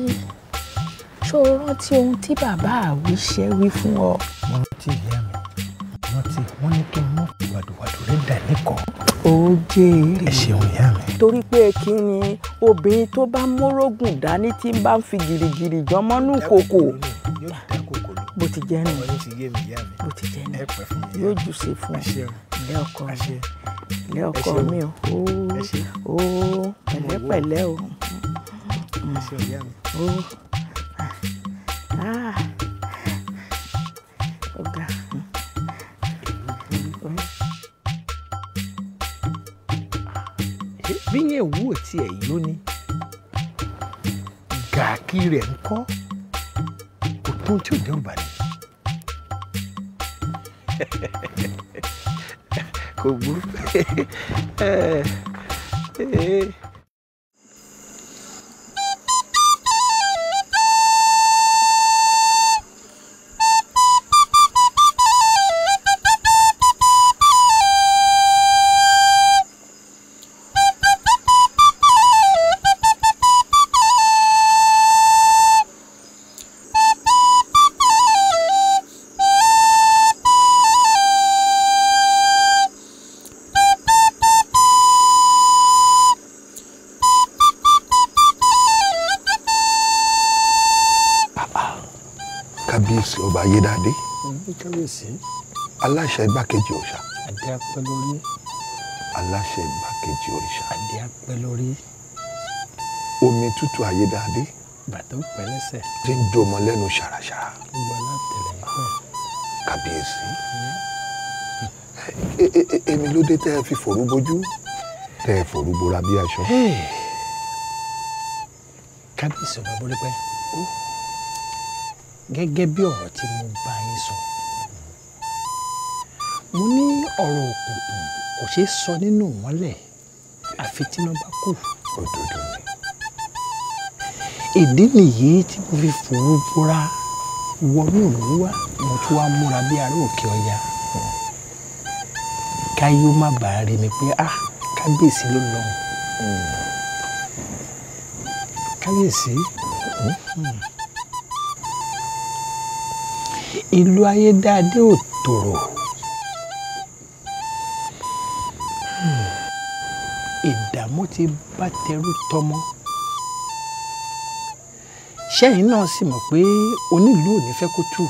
C: ṣó rántí ohun tí bàbá àwíṣẹ́ wí fún ọ.
G: mo rántí ìyá mi rántí wọn ní kí n mú ìwàdùwàdù rẹ dà nìkan ó jèrè. ẹ ṣeun ìyá mi.
C: torí pé kí ni obìnrin tó bá mórógùn dání tí ń bá ń fi gìrìgìrì jan mọ́nú kòkò bó ti
G: jẹ́ nù bó ti jẹ́ nù yóò jù sí fún ilé ọkọ ilé ọkọ mi o o pẹ̀lẹ́pẹ̀lẹ́ o ah. bíyẹn èwú òtí ẹ̀ yó ni gàkí rẹ̀ ń kọ́ òtún tí ò dẹ́rù bàdé. (laughs) kò burú. (laughs) Eh, eh,
A: yorùbá yé dáadé aláṣẹ igbákejì òòṣà aláṣẹ igbákejì
G: òrìṣà omi tútù ayédáadé bàtà pẹlẹsẹ
A: tí ń jọmọ lẹ́nu ṣàràṣàrà kàbíyèsí èmi ló dé tẹ́ ẹ fi fòrú bojú tẹ́ ẹ fòrú bora bí aṣọ.
G: kábíyèsí ọba bólúpẹ́ gẹ́gẹ́ bí ọ̀rọ̀ tí mo bá yín sọ mo ní ọ̀rọ̀ òkùnkùn kò ṣeé sọ nínú ìmọ́lẹ̀ àfi tí iná bá kù òdodo ni ìdí nìyí tí mo fi fòwò bóra wọnú ìlú wa mo tún wá múra bí ará òkè ọya káyé ó má bàa rí mi pé ah kábíyèsí ló lọ hmm. kábíyèsí. Mm. Mm ìlú ayédáadé ò tòrò hmm. ìdààmú ti bá tẹrú tọmọ sẹ́yìn náà sì mọ̀ pé onílù ò ní fẹ́ kó tù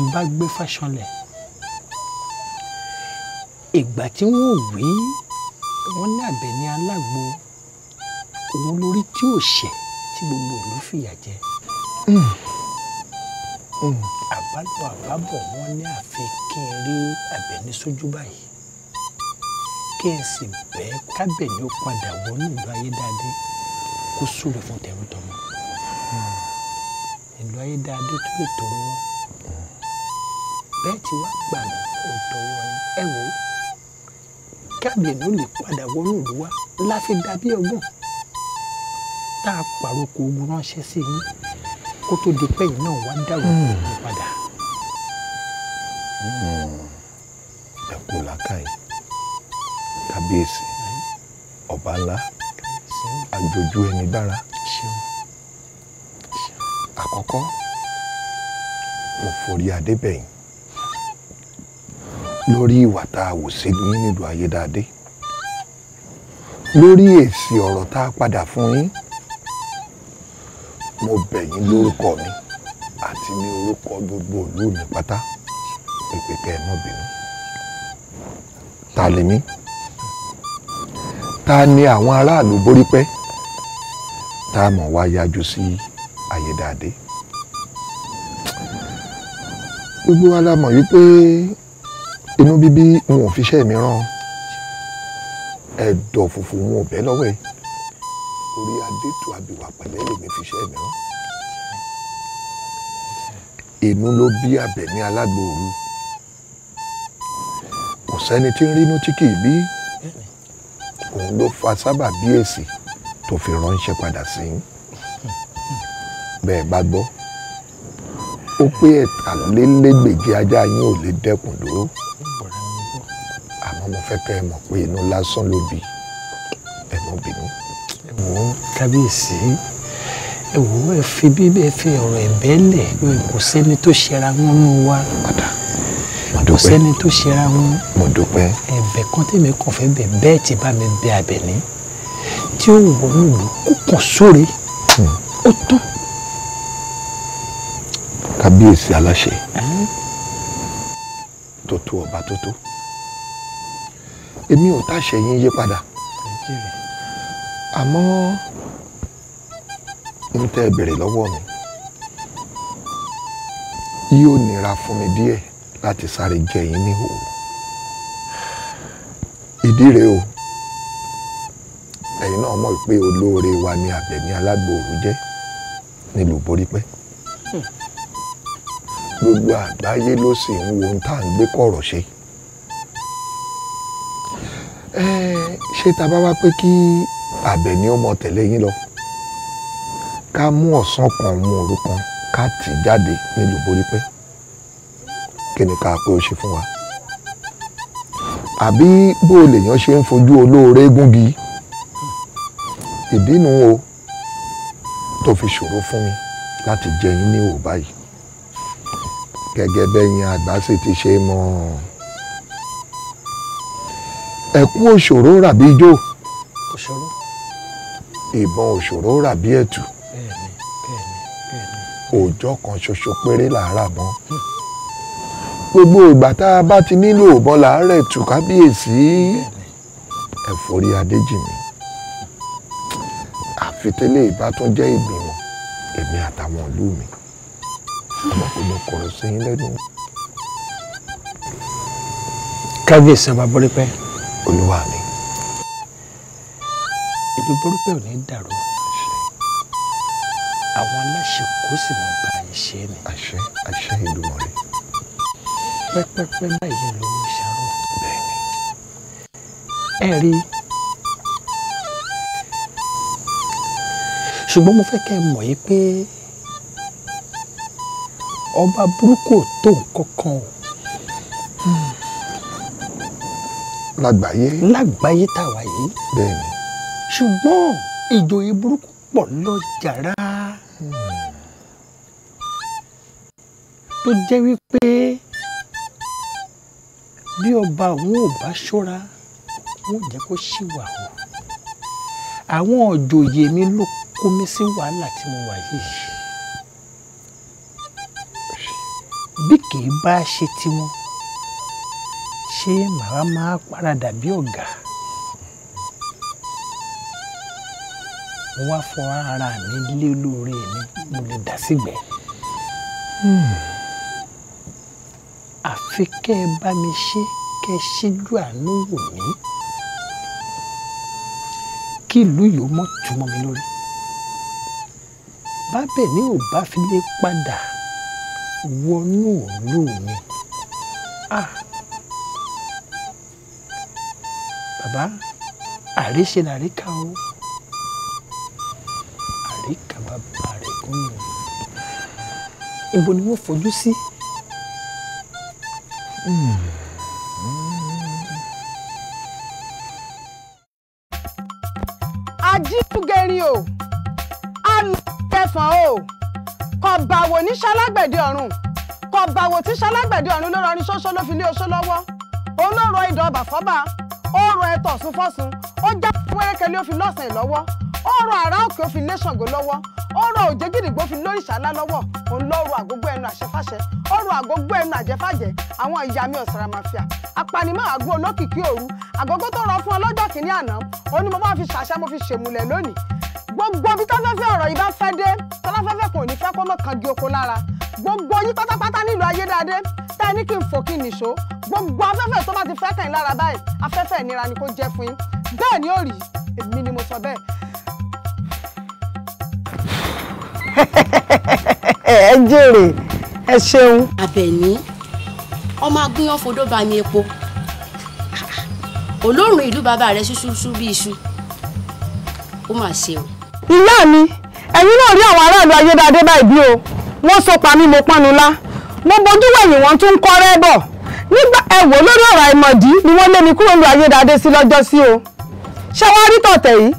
G: n bá gbé fáṣọlẹ̀ ìgbà tí wọ́n ò wí wọ́n ní Àbẹ̀ní alágbo òun lórí tí ò ṣẹ̀ tí gbogbo ìlú fìyà jẹ àbálò àbábọ̀ wọn ní àfi kí n rí Àbẹ̀ní sójú báyìí kí n sì bẹ́ẹ̀ kábẹ̀ní ó padà wọnú ìlú ayédáadé kó súre fún tẹ̀rù tọmọ hmm. ìlú ayédáadé tó lè tọrọ hmm. bẹ́ẹ̀ tí wàá gbà mí ọ̀dọ̀ wọn ẹ wò ó ó lè padà wọnú ìlú wa láfi dàbí ọgbọ́n tá a pàrokò ogun ránṣẹ́ sí yín kó tó di pẹ́yìn náà wá dàrú padà. Hmm. ẹ kú làákàyè
A: kábíyèsí ọba ńlá àjòjú ẹni dára àkọ́kọ́ mo forí adébẹ̀yìn lórí ìwà tá a wò sí nínú ìlú ayédáadé lórí èsì ọ̀rọ̀ tá a padà fún yín mo bẹ̀ yín lórúkọ mi àti ní orúkọ gbogbo ìlú mi pátá pèpè kẹ́ ẹ mọ́ bínú. ta lèmi ta ni àwọn aráàlú borí pẹ́ tá a mọ̀ wá yájú sí ayédáadé. gbogbo wa la mọ̀ wípé inú bíbí n ò fi iṣẹ́ mi rán ẹ̀dọ̀ fùfù wọn ò bẹ́ lọ́wọ́ ẹ̀ orí adétò àbíwá pẹ̀lẹ́ lèmi fi ṣe ẹ̀mí rán inú ló bí Àbẹ̀ní alágbòoru kò sẹ́ni tí ń rínú tí kì í bí òun ló fa sábà bí èsì tó fi ránṣẹ́ padà sí i bẹ́ẹ̀ bá gbọ́ ó pé ẹ̀tàlélégbèje ajá yín ò lè dẹ́kun dúró àmọ́ mo fẹ́ kẹ́ ẹ mọ̀ pé inú lásán ló bí ẹ̀ bínú
G: wò ó kábíyèsí ẹ wò ó ẹ fi bí ẹ fi ọ̀rọ̀ ẹ̀bẹ̀ lẹ̀ kò sẹ́ni tó ṣẹra wọn nù wá kò sẹ́ni tó ṣẹra wọn ẹ̀bẹ̀ kan tèmi kàn fẹ́ bẹ̀ bẹ́ẹ̀ ti bá mi bẹ Àbẹ̀ní tí ó wọnú ìlú kó kàn sóre hmm. ó tó.
A: kábíyèsí aláṣẹ tó tó ọba tó tó èmi ò tá àṣẹ yín yé padà.
G: Thank you àmọ́
A: ní tẹ́ ẹ bèrè lọ́wọ́ mi yóò nira fún mi díẹ̀ láti sáré jẹ níhò ìdí rèé o ẹ̀yin náà mọ̀ pé olóore wa ni Àbẹ̀ní Alágbòoru jẹ́ nílùú borípẹ́ gbogbo àgbáyé ló sì ń wo ohun tá à ń gbé kọ̀rọ̀ ṣe ṣé tá a bá wá pé kí àbẹ̀ ni ó mọ tẹ̀lé yín lọ ká mú ọ̀sán kan mú òru kan ká tì jáde nílùú borípẹ́ kí ni ká pé ó ṣe fún wa àbí bó lèèyàn ṣe ń fojú olóore gúngi ìdí o tó fi ṣòro fún mi láti jẹ yín ní òwò báyìí gẹ́gẹ́ bẹ́yìn àgbà sì ti ṣe mọ́ ẹ̀kú òṣòro ràbí ijó ìbọn òṣòro rà bí ẹ̀tù òòjọ́ kan ṣoṣo péré làárà bọ́n hmm. gbogbo ìgbà tá a bá ti nílò ìbọn làárẹ̀ tù kábíyèsí ẹ̀fọ́rí adéjìmí àfitẹ́lẹ̀ ìbátan jẹ́ ìgbìmọ̀ èmi àtàwọn ìlú mi ọmọkùnrin
G: kọ̀rọ̀ sí yín lẹ́nu. kábíyèsí ọba borípẹ́. olúwa mi ìlú burúkú ò ní dàrú àwọn aláṣẹ kò sì mọ bá yín ṣe ni. àṣẹ àṣẹ Èdùmàrè. pẹ́pẹ́pẹ́ báyìí ló ń ṣàrò. bẹ́ẹ̀ni. ẹ rí i. ṣùgbọ́n mo fẹ́ kẹ́ ẹ mọ̀ yìí pé ọba burúkú ò tó nǹkan o. lágbàáyé. lágbàáyé tàwa yìí. bẹ́ẹ̀ni ṣùgbọ́n ìjòyè burúkú pọ̀ lọ́jà rá tó jẹ́ wípé bí ọba àwọn ò bá ṣọ́ra wọn ò jẹ́ kó ṣìwà o àwọn òjòyè mi ló kó mi sí wàhálà tí mo wà yìí bí kìí bá ṣe tiwọn ṣé màá máa paradà bí ọ̀gá. mo wá fọ ara mi lé lóore mi mo lè dá sígbẹ́. Hmm. àfi kẹ́ ẹ bá mi ṣe kẹ́ ẹ ṣíjú àánú wò mí kí ìlú yìí ó mọ̀ túmọ̀ mi lórí. bábẹ̀ ni ò bá fi lè padà wọnú òlú mi. Ah. bàbá àríṣe làríkà o màlẹ́kà wá bá rẹ̀ gùn ibo ni wọ́n fojú sí.
C: ajíngerin o alùpẹ̀fọ̀n o kọ̀bàwò ní ṣalágbẹ̀dẹ ọ̀run kọ̀bàwò tí ṣalágbẹ̀dẹ ọ̀run ló rọrin ṣóṣó ló fi lé oṣó lọ́wọ́ òun ló rọ ìdọ̀ bàfọ́bà ó rọ ẹ̀tọ̀ sún fọ́sùn ó já wẹ́rẹ́kẹ́lé ó fi lọ́sàn-án lọ́wọ́ ọrọ̀ àrá òkè ó fi lé Ṣàngó lọ́wọ́ ọrọ̀ òjégìdìgbò fi lóríṣà ńlá lọ́wọ́ òun lọ́rọ̀ àgógó ẹnu àṣẹfàṣẹ ọrọ̀ àgógó ẹnu àjẹfàjẹ àwọn ìyá mi màfíà apanimọ̀ àgbo olókìkí òru àgógó tó rọ fún ọlọ́jọ́ kìíní àná òun ni mo bá fi ṣàṣẹ mo fi ṣèmùlẹ̀ lónìí gbogbo ibi tọ́fẹ́fẹ́ ọ̀rọ̀ yìí bá fẹ́ dé tọ́láfẹ́fẹ́ kò ní fẹ́ kó mọ́ kan gi oko lára gbogbo yín pátápátá nílùú ayédáadé tá ẹ ní kí n fò kí n nìṣó gbogbo afẹ́fẹ́ tó bá ti fẹ́ kàn lára báyìí afẹ́fẹ́ ìnira ni kó jẹ́ fún yín bẹ́ẹ̀ ni ó rí èmi ni mo sọ bẹ́ẹ̀
D: (laughs) ẹ jèrè
C: ẹ ṣeun. Àbẹ̀ní
B: ọmọ agbóyan fodó bá mi epo olórùn ìlú bàbá rẹ ṣuṣuṣu bí iṣu ó mà ṣe o.
F: ìyá mi ẹ̀yin náà rí àwọn aráàlú ayédáadé báyìí bí o wọ́n sọ pa mí mo pánu lá mo bojú wẹ̀yìn wọn tún ń kọ́rẹ́ bọ̀ nígbà ẹ̀wò lórí ọ̀rọ̀ àìmọ̀dí ni wọ́n lé mi kúrò lu ayédáadé sí lọ́jọ́ sí o ṣé wàá rí tọ̀tẹ̀ yìí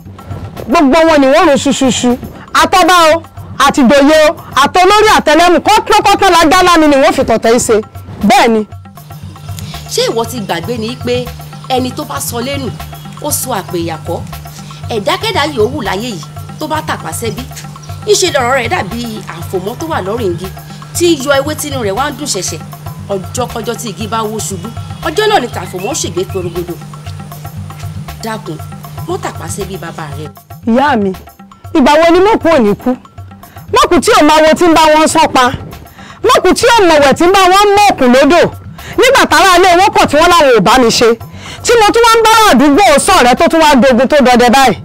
F: gbogbo wọn ni wọ́n rún ṣuṣuṣu àtọ́bá o àtìgbòye o àtolórí àtẹlẹmù kọ́kẹ́kọ́kẹ́ lágbálá mi ni wọ́n fi tọ̀tẹ̀ í ṣe bẹ́ẹ̀ ni.
B: ṣé ìwọ ti gbàgbé ni pé ẹni tó bá sọ lẹ́nu ó sọ àpèyàkọ́ ẹ̀dákẹ́dá yòówù láyé yìí tó bá tàpá sẹ́bí ìṣe lọ̀rọ̀ rẹ̀ dàbí àfòmọ́ tó wà lọ́rùn igi tí yọ ewé tínú rẹ̀ wá ń dùn ṣẹ̀ṣẹ̀ ọjọ́kọjọ́ tí igi bá wó ṣubú ọjọ́ náà ni tàfòmọ́ ṣègbè porogodo dákun mọ́tàpá sẹ́bí bàbá rẹ̀. ìyá mi
F: ìgbà wo ni mọ́pọ̀ ò ní kú mọ́kù tí ò mọ owó tí ń bá wọn sọ́pa mọ́kù tí ò mọ̀wẹ̀ tí ń bá wọn mọ̀kù lódò nígbà tára ilé owó pọ̀ tí wọ́n láwọn ò bá mi ṣe tí mo tún wá ń bá àdúgbò sọ̀rẹ́ tó tún wá dogun tó dọdẹ báyìí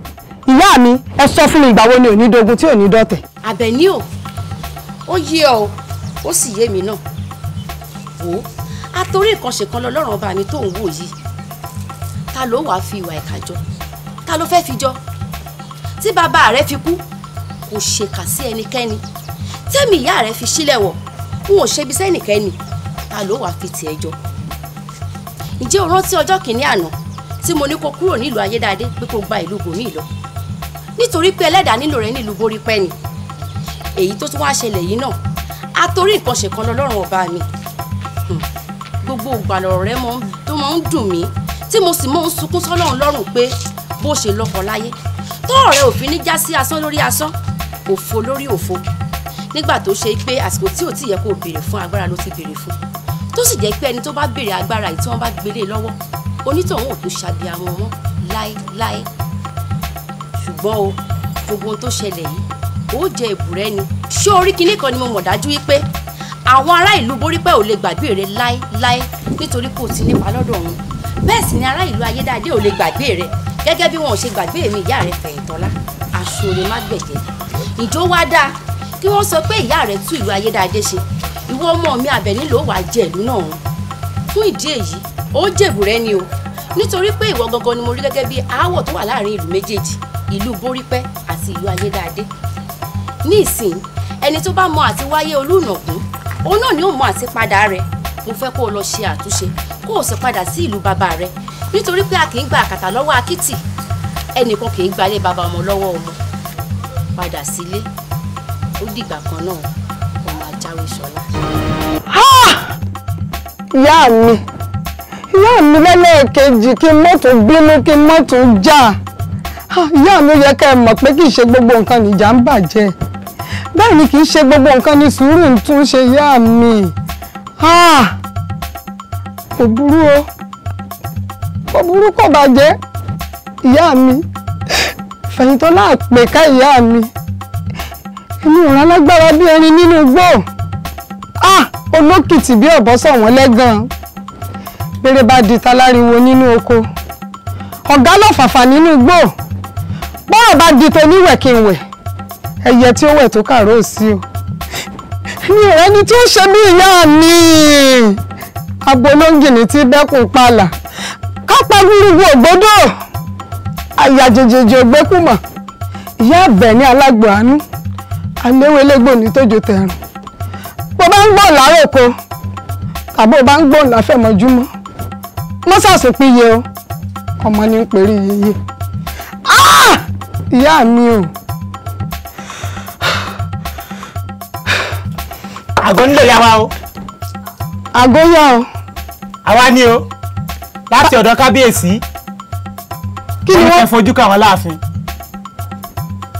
F: ìyá mi ẹ sọ fún mi ìgbà wo ni ò ní dogun tí ò ní dọ̀tẹ̀.
B: àbẹ̀ní o ó yé ọ ó sì yé mi náà wò ó àtòrí ìkànṣe kan lọ́lọ́run ọba mi tó ń wò yìí ta ló wàá fi ìwà ìkàjọ ta ló fẹ́ fi jọ tí bàbá rẹ fi kú kò ṣèkà sí ẹnikẹ́ni tẹ́mi ìyá rẹ̀ fi sílẹ̀ wọ̀ n ò ṣe ibi sẹ́nìkẹ́ni ta ló wàá fi tiẹ̀ jọ. ǹjẹ́ o rántí ọjọ́ kìíní àná tí mo ní kó kúrò nílùú ayédáadé pé kó gba ìlú bòmí lọ nítorí pé ẹlẹ́dàá nílò rẹ nílùú borípẹ́ ni èyí tó tún wá ṣẹlẹ̀ yìí náà atorí nǹkan ṣèkan lọ́lọ́run ọba mi hmm, gbogbo ìgbàlọ̀rọ̀ rẹ tó máa ń dùn mí tí mo sì mọ́ ń sunkún sọ́lọ́run lọ́rùn pé bó ṣe lọ́kọ̀ láyé tọ́ọ̀rẹ́ òfin ní já sí asán lórí asán òfo lórí òfo nígbà tó ṣe pé àsìkò tí ò tí yẹ kó béèrè fún agbára ló ti béèrè fún tó sì jẹ́ pé ẹni tó bá béèrè agbára yìí tí wọ́n bá gbélé e lọ́wọ́ onítọ̀hún ò tó ṣàbí àwọn wọn láéláé ṣùgbọ́n o gbogbo ohun tó ṣẹlẹ̀ yìí ó jẹ ìbùrẹ́ ni ṣé orí kinní kan ni mo mọ̀ dájú wípé àwọn ará ìlú borípẹ́ ò lè gbàgbé rẹ láéláé nítorí kò ti nípa lọ́dọ̀ wọn bẹ́ẹ̀ sì ni ará ìlú ayédáadé ò lè gbàgbé rẹ gẹ́gẹ́ bí wọn ò ṣe gbàgbé mi ìyá rẹ fẹ̀yìntọ́lá aṣọ orin má gbẹ̀jẹ̀ ìjó wá dáa kí wọ́n sọ pé ìyá rẹ̀ tú ìlú ayédáadé ṣe ìwọ ọmọ mi àbẹ̀ní ló wàá jẹ ìlú náà run fún ìdí èyí ó jèbù rẹ ni o nítorí pé ìwọ gangan ni mo rí gẹ́gẹ́ bí aáwọ̀ tó wà láàrin ìlú méjèèjì ìlú borípẹ́ àti ìlú ayédáadé ní ìsìn ẹni tó bá mọ àti wáyé olúùnàkún òun náà ni ó mọ àti padà rẹ mo fẹ́ kó o lọ ṣe àtúnṣe kó o sì padà sí ìlú bàbá rẹ nítorí pé a kì í gba àkàtà lọ́wọ́ akítì ẹnìkan kì í gbalé bàbá ọmọ lọ́wọ́ ọmọ padà sílé ó dìgbà kan náà kò máa jáwé sọlá.
F: ìyá mi ìyá mi lẹ́lẹ́ẹ̀kejì kí mọ́tò bínú kí mọ́tò jà ìyá mi yẹ ká ẹ mọ̀ pé kì í ṣe gbogbo nǹkan nìjà ń bàjẹ́ bẹ́ẹ̀ ni kì í ṣe gbogbo nǹkan ní sùúrù ń tún ṣe ìyá mi kò burú o kò burú kò bàjẹ́ ìyá mi. fẹ̀yìntọ́lá àpèká ìyá mi èmi ò rán lágbára bí erin nínú igbó ah olókìtì bí ọ̀bọ sọ̀wọ́n lẹ́gàn bèrè bá di taláriwo nínú oko ọ̀gá lọ́fàfà nínú igbó bọ́rọ̀ bá di tó níwẹ̀ kí n wẹ̀ ẹyẹ tí ó wẹ̀ tó kàró sí o mi ò rẹ́ni tí ó ṣe bí ìyá mi agbolóngìní ti bẹ́kùn palà ká pa gburugburu ògbódò. àyàjèjèjì ògbẹ́kùmọ̀ ìyá àbẹ̀ ní alágbò àánú aléwélégbò ní tojo tẹ̀rùn bó bá ń gbọ̀n láàárọ̀ ko tàbí bá ń gbọ̀n láfẹ̀mọ́júmọ́ o
C: ọmọ ní ń pèrè yeye ah! ìyá mi o.
G: àgọ́ ń lòyà wa o.
C: àgọ́ yá o. àwa ni o láti ọ̀dọ̀
F: kábíyèsí. kí ni wọ́n. ẹ fojú káwọn láàfin.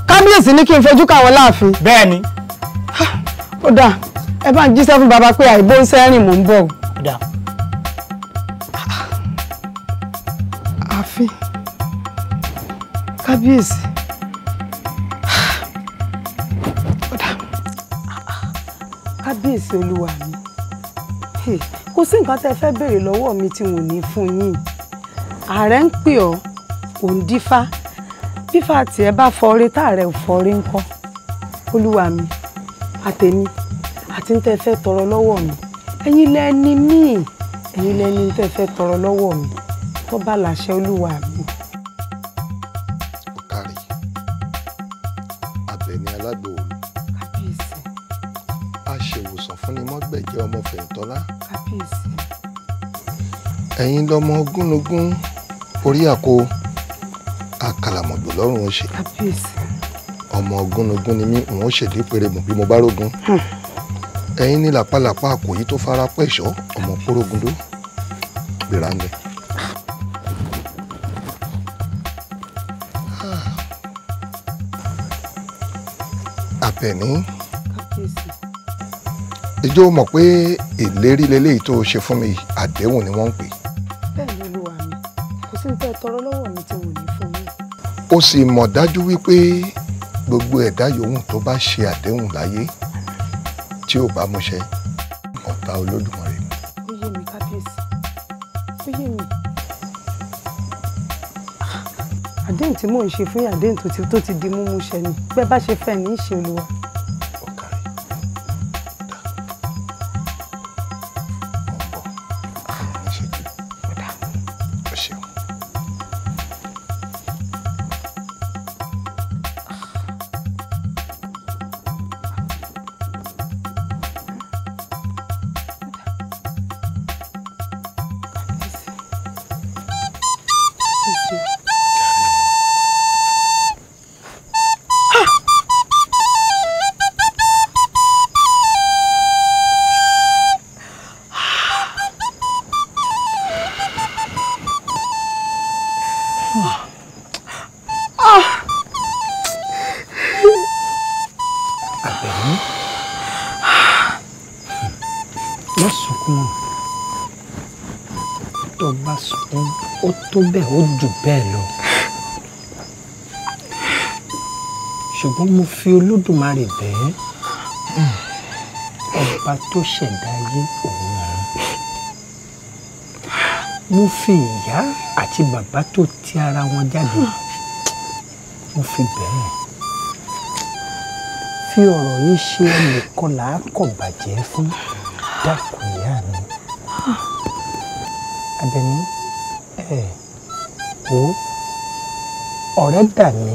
F: kábíyèsí ní kí n fojú káwọn láàfin. bẹ́ẹ̀ ni. ó dáa ẹ bá ń jíṣẹ́ fún baba
C: pé àìbó ń sẹ́rìn mò ń bọ̀. ó dáa. ààfin kábíyèsí. ó dáa. kábíyèsí olúwa mi kò sí nǹkan tẹ́ fẹ́ béèrè lọ́wọ́ mi tí n ní fún yín ààrẹ ń pè ọ́ òǹdífá fífà tiẹ̀ bá fọre tá rẹ̀ ò fọre ńkọ́ olúwa mi àtẹ̀mí àti ní tẹ́ fẹ́ tọrọ lọ́wọ́ mi ẹ̀yin lẹ́ni míì ẹ̀yin lẹ́ni tẹ́ fẹ́ tọrọ lọ́wọ́ mi tó bá làṣẹ olúwa mi.
A: ọ̀kàrí àbẹ̀ni alágbòòrò kábíyèsí aṣèwòsàn fúnni mọ́gbẹ̀jẹ́ ọmọ fẹ̀yìntọ́lá kábíyèsí ẹ̀yin lọmọ ogúnlógún orí àkó lọ́rùn ó ṣe ọmọ gúnugún ni mí òun ó ṣèlú pèrèmù bí mo bá rógun ẹ̀yin ní làpálàpá àkòyí tó fara pẹ̀ṣọ́ ọmọ kórógundó gbéra ńlẹ̀. àbẹ̀ní ìjọ mọ̀ pé ìlérí leléyìí tó ṣe fún mi àdéhùn ni wọ́n ń pè é. sì mọ̀ dájú wípé gbogbo ẹ̀dá yòówù tó bá ṣe àdéhùn láyé tí ò bá múṣẹ ọ̀tá olódùmarè.
C: ó yé mi kábíyèsí ó yé mi àdéhùn tí mò ń ṣe fún àdéhùn tó ti di mímúṣẹ ni bẹ́ẹ̀ bá ṣe fẹ́ ní í ṣe
G: ó jù bẹ́ẹ̀ lọ ṣùgbọ́n mo fi olódùmarè bẹ́ẹ̀ ọba tó ṣẹ̀dá ayé òun ọ̀run mo fi ìyá àti bàbá tó ti ara wọn jáde mo fi bẹ́ẹ̀ fi ọ̀rọ̀ yìí ṣe ẹnìkan làákọ̀ bàjẹ́ fún dákun ìyá mi Abẹ́ní ẹ̀ wò ó ọ̀rẹ́ dà mí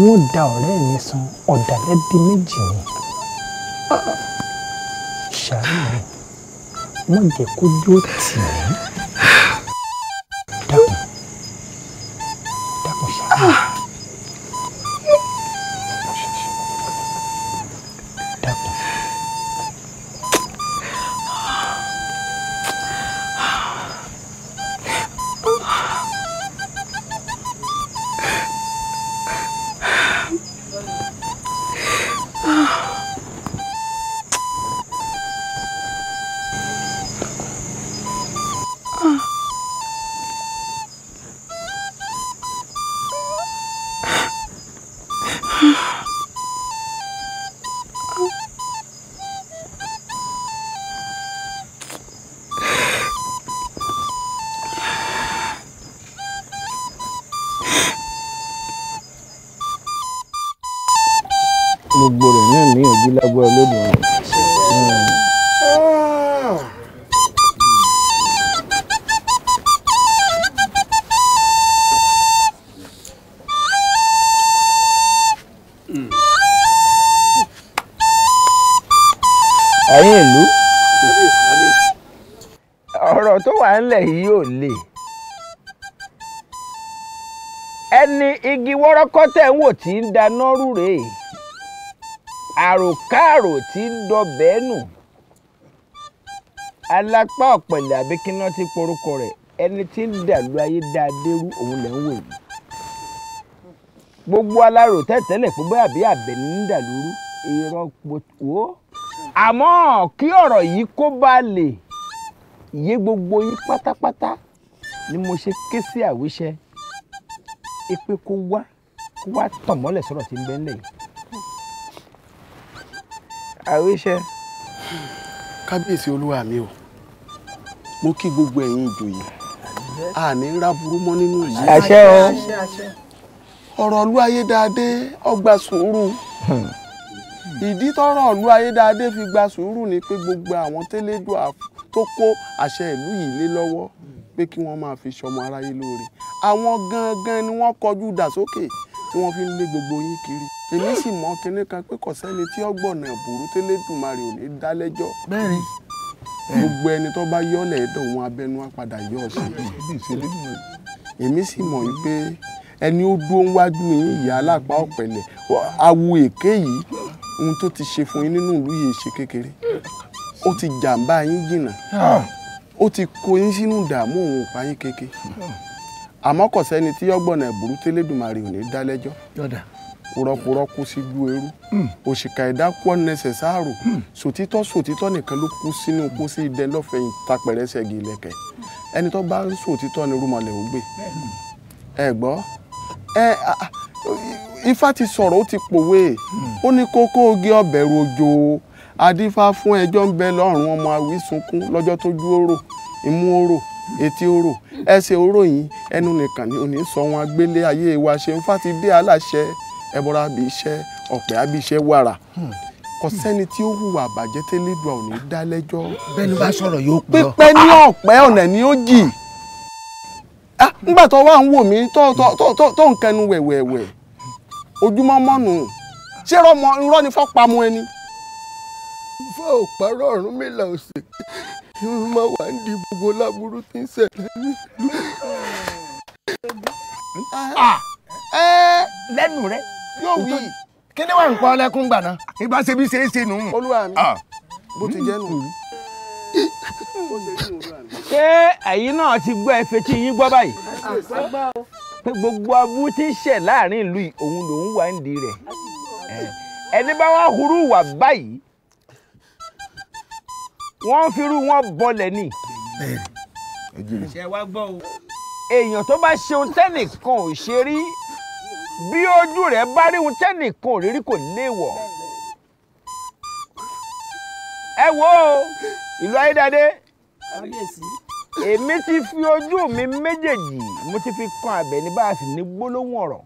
G: wọ́n da ọ̀rẹ́ mi san ọ̀dàlẹ̀ di méjì ni ṣàánú wọ́n jẹ́ kójú ó tì mí. ńlẹ̀ yìí yóò lè ẹni igi wọ́rọ́kọ́ tẹ̀ ń wò tí ń dáná
A: rúre àròkárò tí ń dọbẹ̀ nù alápá ọ̀pẹ̀lẹ̀ àbí kíná ti porúkọ rẹ̀ ẹni tí ń dàlú ayé dáadéru òun lẹ̀ ń wò yìí gbogbo alárò tẹ̀tẹ̀lẹ̀ pé bóyá àbí àbẹ̀ ní dàlú irọ́ pọ̀ tó àmọ́ kí ọ̀rọ̀ yìí kó bá lè ìyé gbogbo yín pátápátá ni mo ṣe
G: ké sí àwíṣẹ ipe kó wá kó wá tàn mọ́lẹ̀ sọ̀rọ̀ tí ń bẹ ńlẹ̀ yìí. àwíṣẹ.
A: kábíyèsí olúwa mi o mo kí gbogbo ẹ̀yin ìjòyè a ní ráburú mọ́ nínú ìlú. àṣẹ o. ọ̀rọ̀ ìlú ayédáadé ó gba sùúrù hmm. ìdí tọ́rọ̀ ìlú ayédáadé fi gba sùúrù ni pé gbogbo àwọn tẹ́lẹ̀dùn àfọ̀ tó kó àṣẹ ìlú yìí lé lọ́wọ́ pé kí wọ́n máa fi ṣọmọ aráyé lóore àwọn gangan ni wọ́n kọjú dà sókè tí wọ́n fi ń lé gbogbo yín kiri èmi sì mọ kinní kan pé kò sẹ́ni tí ọgbọ̀nà ìbòrú tẹ́lẹ̀dùmarè ò ní dá lẹ́jọ́ gbogbo ẹni tó bá yọ́lẹ̀ ẹ̀dọ̀ wọn abẹ́nú apàdà yọ ọ̀sẹ̀ èmi sì mọ̀ wípé ẹni ó dúró wájú yín ìyá alápá ọ̀pẹ̀lẹ̀ awu èké yìí ohun tó ti ṣe fún yín nínú ìlú yìí ṣe kékeré ó ti jàǹbá yín jìnnà ah. ó ti kó yín sínú ìdààmú òun òpá yín kéke àmọ́ kò sẹ́ni tí yọ́gbọ̀nà ẹ̀bùrú tẹ́lẹ̀dùmarè ò ní dá lẹ́jọ́ kúrọ́kúrọ́ kú sí ju eru hmm. òṣìkà ẹ̀dá pọ̀ nẹsẹ̀ sáàrò hmm. sòtítọ́ sòtítọ́ nìkan ló kú sínú kú sí idẹ lọ́fẹ̀ẹ́ tapẹ̀rẹ́sẹ̀ gi ilẹ̀kẹ̀ ẹni tó bá ń sòtítọ́ ni rúmọlẹ̀ ó gbé hmm. ẹ gbọ́ ẹ ifá ti sọ̀rọ̀ ó ti pòwe ó ní kókó ogi ọbẹ̀rù òjò o adífá fún ẹjọ́ ń bẹ lọ́rùn ọmọ àwí sunkún lọ́jọ́ tójú oró imú oró etí oró ẹsẹ̀ oró yìí ẹnu nìkan ni òní sọ wọn agbélé ayé wa ṣe ń fàtidé aláṣẹ ẹbọra àbí iṣẹ́ ọ̀pẹ àbí iṣẹ́ wàrà hmm. kò sẹ́ni tí ó hùwà àbàjẹ́ tẹ́lẹ̀dùà ò ní dá lẹ́jọ́. bẹ́ẹ̀ni bá sọ̀rọ̀ yóò pọ̀. pípẹ́ ní ọ̀pẹ ọ̀nà ni ó jì. nígbà tó wà ń wò mí tó ń kẹnu wẹ̀wẹ̀wẹ̀ ojúmọ́ mọ́nu ṣé irọ́ ni fọ́ pamọ́ ẹni
D: ifá ò parọ́
A: Ọ̀rúnmìlà ò ṣèké má wà ń di gbogbo láburú tí ń ṣẹlẹ̀ nílùú. Ah! Ah! Eh! Eh! lẹ́nu rẹ yóò wí kí ni wà ń pa ọlẹ́kùn gbà náà. ìbá ṣe bí ṣe é ṣe nù. olúwa mi ah! bó ti jẹ́ nù.
D: Hmm.
A: ṣé ẹ̀yin náà ti gbọ́ ẹ fetí yín gbọ́ báyìí pé gbogbo abú tí ń ṣẹ̀ láàrin ìlú òun lòún wà ń di rẹ̀ eh, ẹni bá wá hurú wà báyìí wọ́n fi irú wọn bọlẹ̀ ni.
G: ṣe wá gbọ́ o.
A: èèyàn tó bá ṣe ohun tẹ́nìkan ò ṣe rí bí ojú rẹ̀ bá rí ohun tẹ́nìkan ò rírí kò léèwọ̀. ẹ wo ìlú ayédáadé èmi ti fi ojú mi méjèèjì mo ti fi kan Àbẹ̀ní bá a sì ní gbólóhùn ọ̀rọ̀.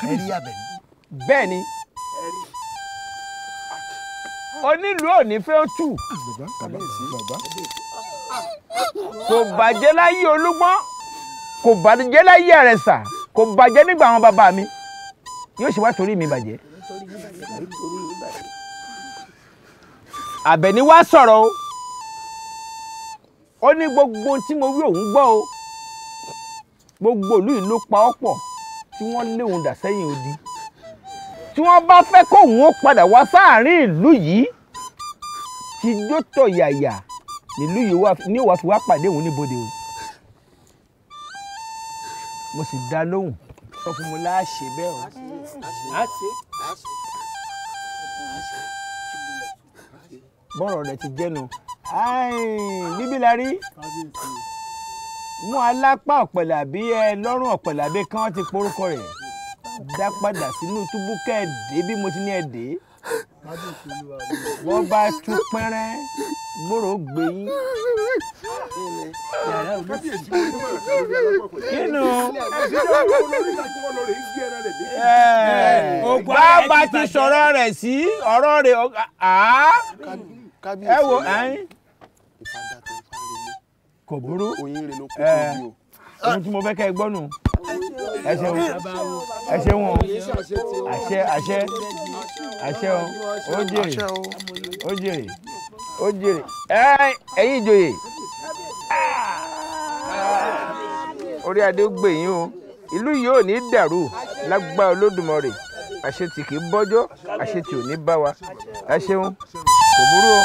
A: bẹ́ẹ̀ ni.
D: ẹ rí
A: onílù òní fẹ́ tù
D: kò bàjẹ́ láyé
A: olúgbọ́n kò bàjẹ́ láyé àrẹ̀sà kò bàjẹ́ nígbà àwọn bàbá mi yóò ṣe wá torí mi bàjẹ́. àbẹ̀ní wá sọ̀rọ̀ o ó ní gbogbo tí mo wí òun gbọ́ o gbogbo ìlú ìlú pa ọ́ pọ̀ tí wọ́n léwu dà sẹ́yìn odi tí wọ́n bá fẹ́ kóun ó padà wá sáàárín ìlú yìí tí jótọ̀ yàyà nílùú yìí ní ìwà fi wá pàdé òun níbodè o
G: mo sì dá lóhùn sọ fún mi láàṣẹ bẹ́ẹ̀ o láṣẹ bọ́rọ̀ rẹ̀ ti jẹ́nu bíbí la rí mú alápá ọ̀pẹ̀làbí ẹ lọ́rùn ọ̀pẹ̀làbí kan ti porúkọ rẹ̀ dá padà sínú túbú kẹ́ẹ̀dé bí mo ti ní ẹ̀dẹ́ wọ́n bá tú pẹ́rẹ́ gbòòrò gbẹ̀yìn. kínú
A: bàbá ti sọ̀rọ̀ rẹ̀ sí ọ̀rọ̀ rẹ̀ ẹ wo ẹyin kò burú ohun tí mo fẹ́ kẹ́ ẹ gbọ́ nù ẹ ṣeun ẹ ṣeun o
D: àṣẹ àṣẹ àṣẹ o ó jèrè
A: ó jèrè ó jèrè ẹ̀yin ìjòyè orí adé ó gbè yín o ìlú yìí ò ní dàrú lágbá olódùmarè
G: àṣẹ tí kì í bọ́jọ́ àṣẹ tí ò ní bá wa ẹ ṣeun kò burú o.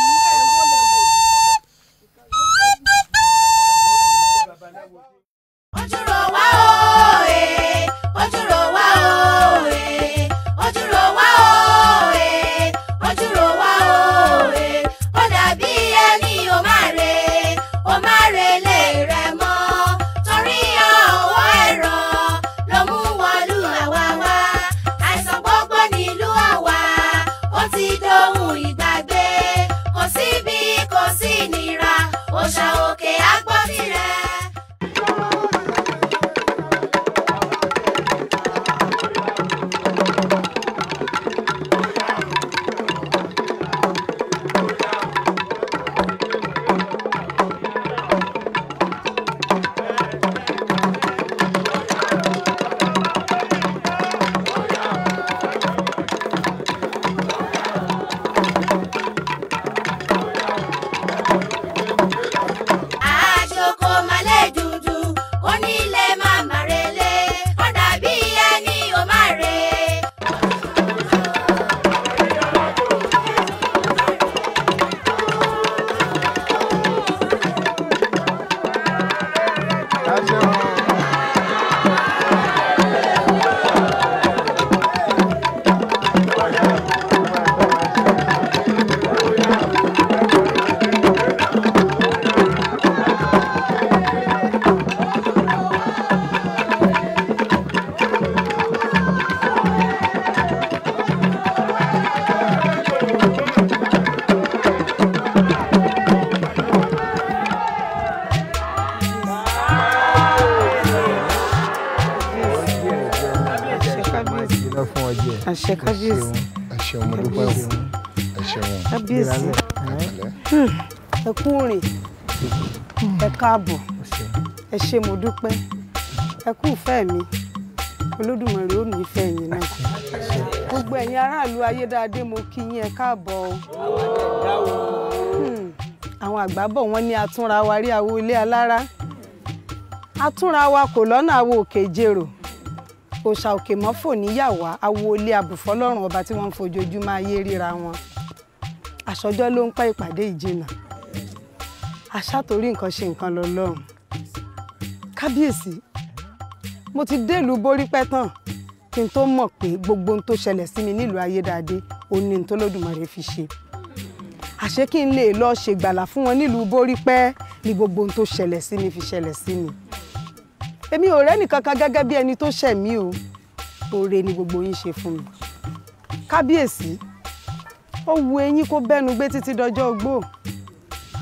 C: káàbọ̀ ẹ ṣé mo dúpẹ́ ẹ kú ìfẹ́ mi olódùmarè ò ní ìfẹ́ yín náà gbogbo ẹ̀yin aráàlú ayédáadé mo kí yín ẹ káàbọ̀ o hmm. àwọn àgbà bọ̀ wọ́n ní atúnra wa rí awo ilé alára atúnra wa kò lọ́nà awo òkè jèrò òòṣà òkè mọ́fò níyàwá awo ilé abùfọ́lọ́run ọba tí wọ́n ń fojoojúmọ́ ayé ríra wọn àṣọjọ́ ló ń pẹ́ ìpàdé ìjìnà aṣátorí nǹkan ṣe nǹkan lọ lọ́rùn kábíyèsí mo ti délùú borípẹ́ tán kí n tó mọ̀ pé gbogbo ohun tó ṣẹlẹ̀ sí mi nílùú ayédáadé òun ni tó lódùmarè fi ṣe àṣé kí n lè lọ ṣègbàlà fún wọn nílùú borípẹ́ ni gbogbo ohun tó ṣẹlẹ̀ sí mi fi ṣẹlẹ̀ sí mi èmi ò rẹ́ nìkankan gẹ́gẹ́ bí ẹni tó ṣẹ̀ mí o oore ni gbogbo yín ṣe fún mi kábíyèsí ó wu eyín kó bẹ́nu gbé títí dọjọ́ ogbó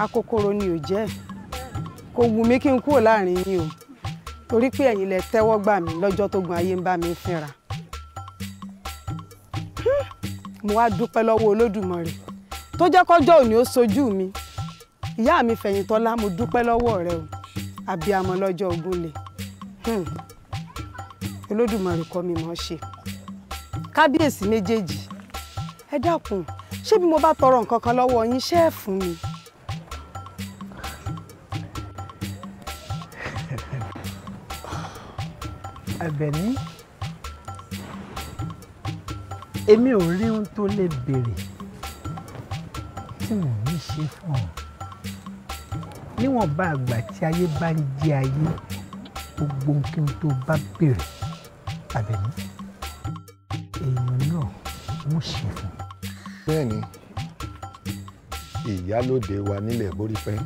C: akòkòrò ni ò jẹ́ kò wù mí kí n kúrò láàrin yín o torí pé ẹ̀yin lẹ tẹ́wọ́ gbà mí lọ́jọ́ tó gun ayé ń bá mi fínra mo wá dúpẹ́ lọ́wọ́ olódùmarè tó jẹ́ kọ́jọ́ òní ó sojú mi ìyá mi fẹ̀yìntọ́lá mo dúpẹ́ lọ́wọ́ rẹ o àbíamọ lọ́jọ́ ogun lè olódùmarè kọ́ mi mọ̀ ṣe kábíyèsí méjèèjì ẹ dákun ṣé bí mo bá tọrọ nǹkan kan lọ́wọ́ yín ṣé ẹ fún mi.
G: Àbẹ̀ní èmi ò rí ohun tó lè béèrè tí mò ń ṣe fún ọ níwọ̀nba àgbà tí ayé bá ń jẹ ayé gbogbo nǹkan tó bá béèrè Àbẹ̀ní èèyàn náà wọ́n ṣe fún.
D: bẹ́ẹ̀ni
A: ìyálòde wa nílẹ̀ borífẹ́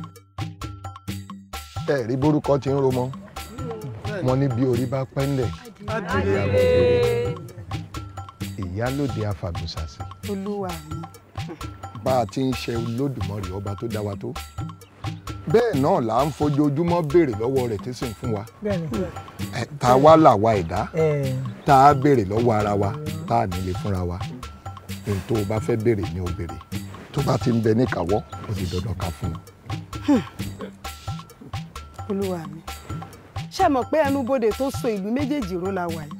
A: ẹ rí borúkọ tí ń ro mọ́ wọn ní bí orí bá pẹ́ ńlẹ̀ adìyẹ ìyálòde afàgùnsàsì.
C: olúwa mi.
A: bá a ti ń ṣe olódùmarè ọba tó dá wa tó bẹ́ẹ̀ náà là ń fojoojúmọ́ béèrè lọ́wọ́ rẹ̀ tí sì ń fún wa ta wá làwa ẹ̀dá tá a béèrè lọ́wọ́ ara wa tá a nílé fúnra wa ohun tó o bá fẹ́ béèrè ni o béèrè tó bá ti ń bẹ níkàwọ́ ó di dandan ká fún
D: un.
C: olúwa mi ṣe mọ̀ pé ẹnubodè tó so ìlú méjèèjì ró la wà yìí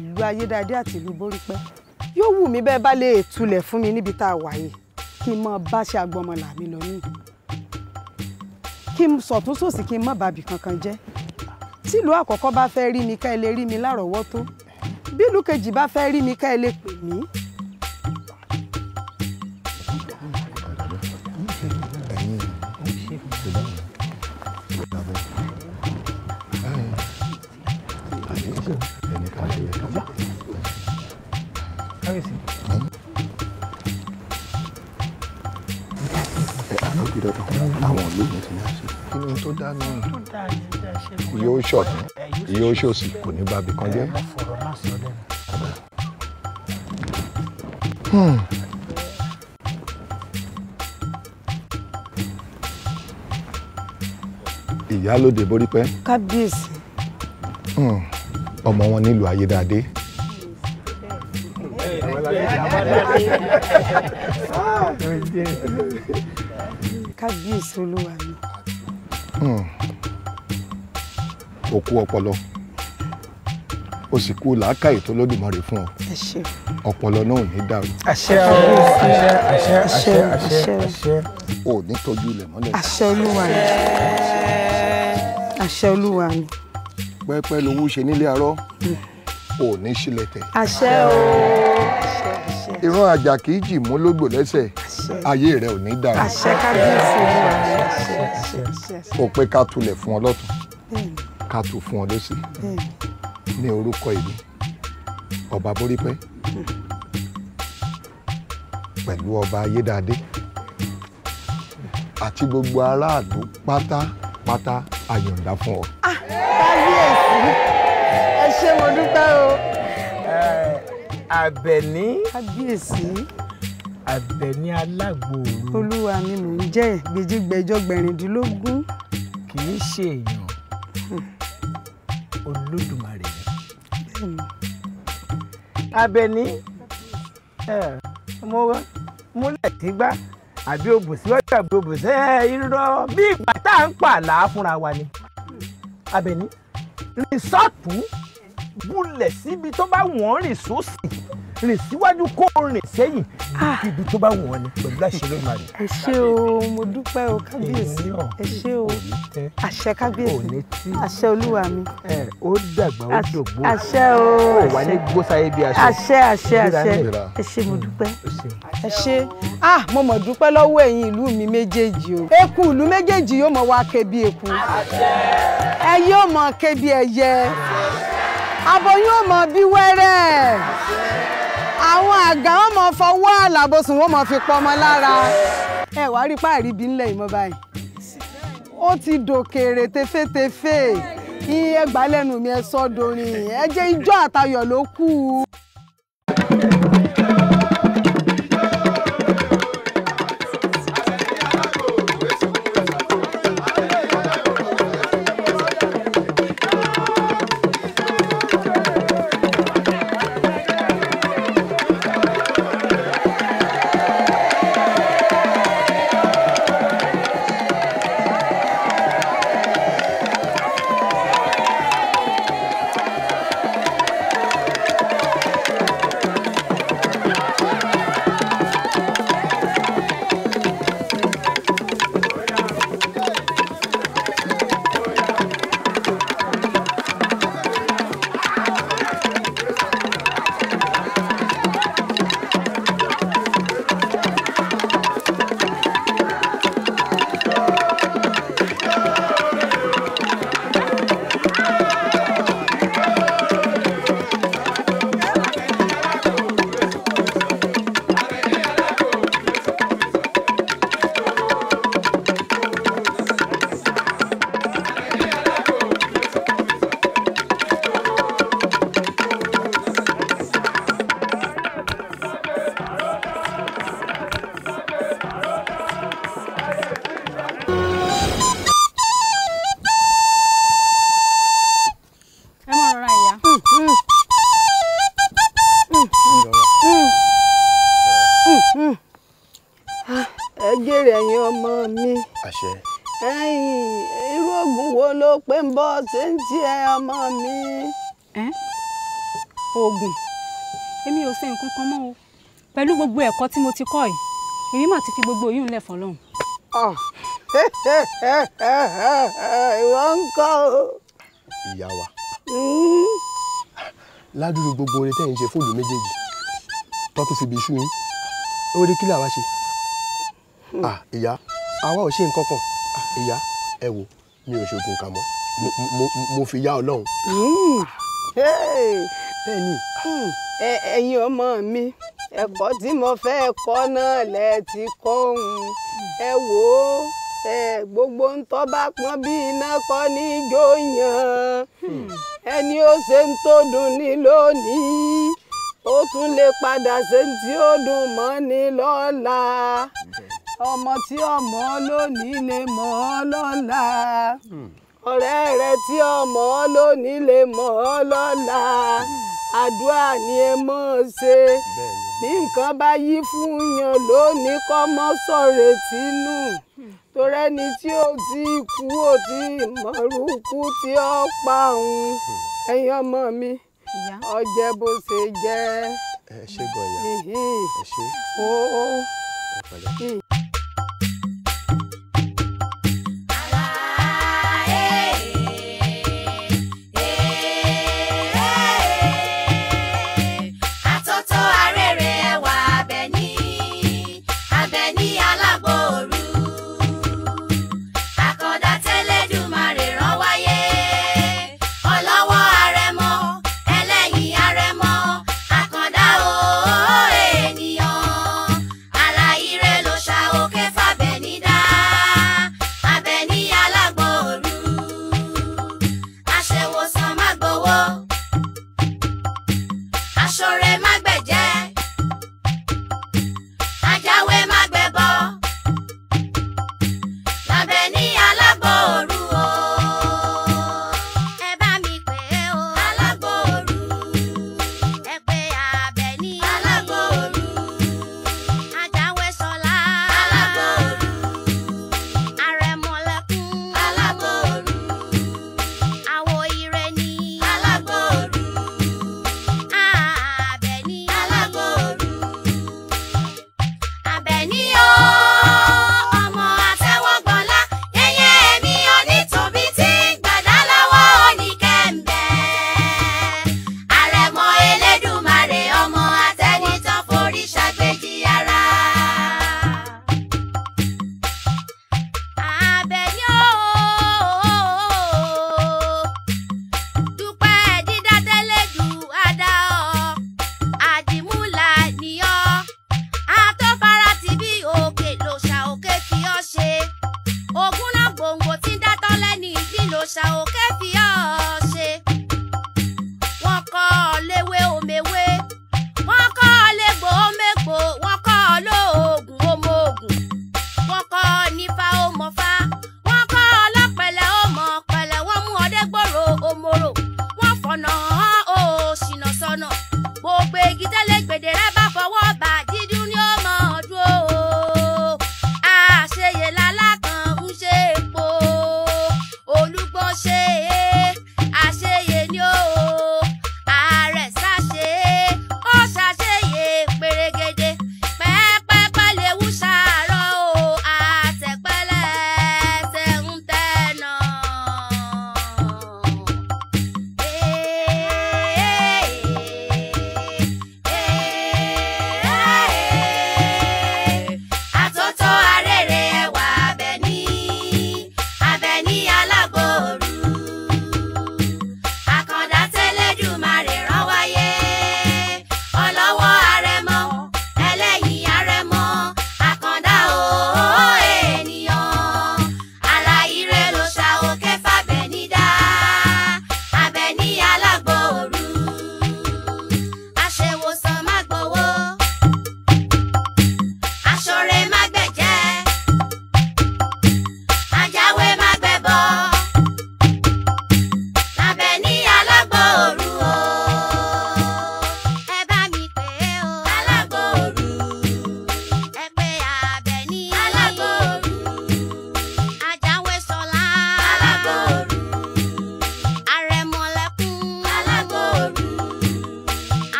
C: ìlú ayédáadé àti ìlú borípẹ́ yóò wù mí bẹ́ẹ̀ bá lè tulẹ̀ fún mi níbi tá a wà yìí kí n mọ bá ṣe agbọmọlà mi lọ nìyí kí n sọ̀tún sòsì kí n mọ̀ bàbí kankan jẹ́ tílùú àkọ́kọ́ bá fẹ́ rí mi ká ẹ lè rí mi lárọ̀ọ́wọ́tó bílùú kejì bá fẹ́ rí mi ká ẹ lè pè mí
A: lóògùn ti máa ṣe. inú tó dá náà yóò ṣọ̀tún yóò ṣòsì kò ní bàbí kan jẹ́. Hmm. ìyálòde borípẹ́.
C: kábíyèsí.
A: ọmọ wọn nílùú ayédáadé
C: kábíyèsí olúwa mi.
A: Hmm. o kú ọpọlọ o sì kú làákàyè tó lódùmarè fún ọ ọpọlọ náà ò ní dàrú.
G: àṣẹ àṣẹ àṣẹ àṣẹ àṣẹ àṣẹ
A: ò ní tọ́jú ilẹ̀ mọ́lẹ̀.
G: àṣẹ olúwa mi
A: àṣẹ olúwa mi. pẹ́pẹ́ lowó ṣe nílé arọ́ hmm. ò ní sílẹ̀ tẹ̀. àṣẹ o. ìran àjà kì í jì mú lógbò lẹ́sẹ̀ ayé rẹ ò ní dàrú ó pé ká tulẹ̀ fún ọ lọ́tún ká tù fún ọ lọ́sì ní orúkọ ìlú ọba borípẹ́ pẹ̀lú ọba ayédáadé àti gbogbo aráàlú pátápátá àyọ̀ǹda fún ọ. Ah,
D: kábíyèsí ẹ ṣé mo dúpẹ́
G: o. Àbẹ̀ní. kábíyèsí àbẹ̀ní alágbòòrò. olúwa mi
C: mò ń jẹ́ gbèjìgbẹ́jọ gbẹ̀rìndínlógún.
G: kì í ṣe èèyàn hmm. olódùmarè ni. àbẹ̀ní mo múlẹ̀ tí gbá àbí òbòsí ọjọ́ àbí òbòsí irọ́ bí ìgbà tá à ń pa àlàá fúnra wa ni. àbẹ̀ní rìn sọ́ọ̀tún gúnlẹ̀ síbi tó bá wọ́n rìn sósì rìn síwájú kó o rìn sẹ́yìn ah. ibi tó bá
C: wù ọ́ ni pẹ̀lú àṣírí. ẹ ṣé o mo dúpẹ́ o kábíyèsí ẹ ṣé o àṣẹ kábíyèsí àṣẹ olúwa mi. ó dàgbà ó dògbò àṣẹ o wà ní gbósáyé bí aṣọ. àṣẹ àṣẹ àṣẹ ẹ ṣé mo mm, dúpẹ́. ẹ ṣé ah mo mọ̀ dúpẹ́ lọ́wọ́ ẹ̀yin ìlú mi méjèèjì o eku ìlú méjèèjì yóò mọ̀ wá ké eku ẹ yóò mọ̀ ké bí ẹyẹ aboyún mọ̀ bí wẹ́rẹ́ àwọn àgbà wọn mọ fọwọ́ àlàbòsùn wọn mọ fi pọmọ lára ẹ wàá rí páàrí bí ńlẹ̀ ìmọ̀ báyìí ó ti dòkèrè tefétefé iye gbálẹ́nu mi ẹ sọ́dọ̀ rìn ẹ jẹ́ ijó àtayọ̀ ló kù. ṣe ń jẹ ọmọ mi. oògùn èmi ò ṣe nǹkan kan mọ́ o pẹ̀lú gbogbo ẹ̀kọ́ tí mo ti kọ́ yìí èmi mà ti fi gbogbo oyún lẹ̀ fọlọ́run. Ah.
D: (laughs) ìwọ ń kọ́ o. ìyá wa hmm?
A: ládùúgbò gbogbo oore tẹ́ ẹ̀ ń ṣe fóònù méjèèjì tọ́tù fi bí iṣu yín oore kí làwa ṣe. Hmm. Ah, ìyá àwa ò ṣe nǹkan kan ah, ìyá ẹ wò
C: mi ò ṣoògùn kà mọ́ mo fi yá ọlọ́run. Hmm. bẹ́ẹ̀ni. Hmm. ẹ̀yin ọmọ mi ẹ̀kọ́ tí mo fẹ́ kọ́ náà lẹ ti kọ́ òun ẹ wò ó gbogbo ń tọ́ bá pọ́n bí iná kọ́ ní ijó yan hmm. ẹni ó ṣe ń tó dùn ní lónìí ó tún lè padà ṣe tí ó dùn mọ́ ní lọ́la ọmọ tí ọmọ lónìí lè mọ́ lọ́la ọ̀rẹ́ rẹ tí ọmọ lónìí lè mọ̀ ọ́ lọ́la àdúrà ni ẹ mọ̀ ọ́ ṣe bí nǹkan bá yí fún yàn lónìí kọ́ mọ́ sọ̀rọ̀ tínú torẹ́ni tí ó ti kú ó ti mọ̀rúkú tí ó pa òun ẹ̀yin ọmọ mi ọjẹ́ bó ṣe jẹ́. ẹ ṣe gan ya ẹ
D: ṣe.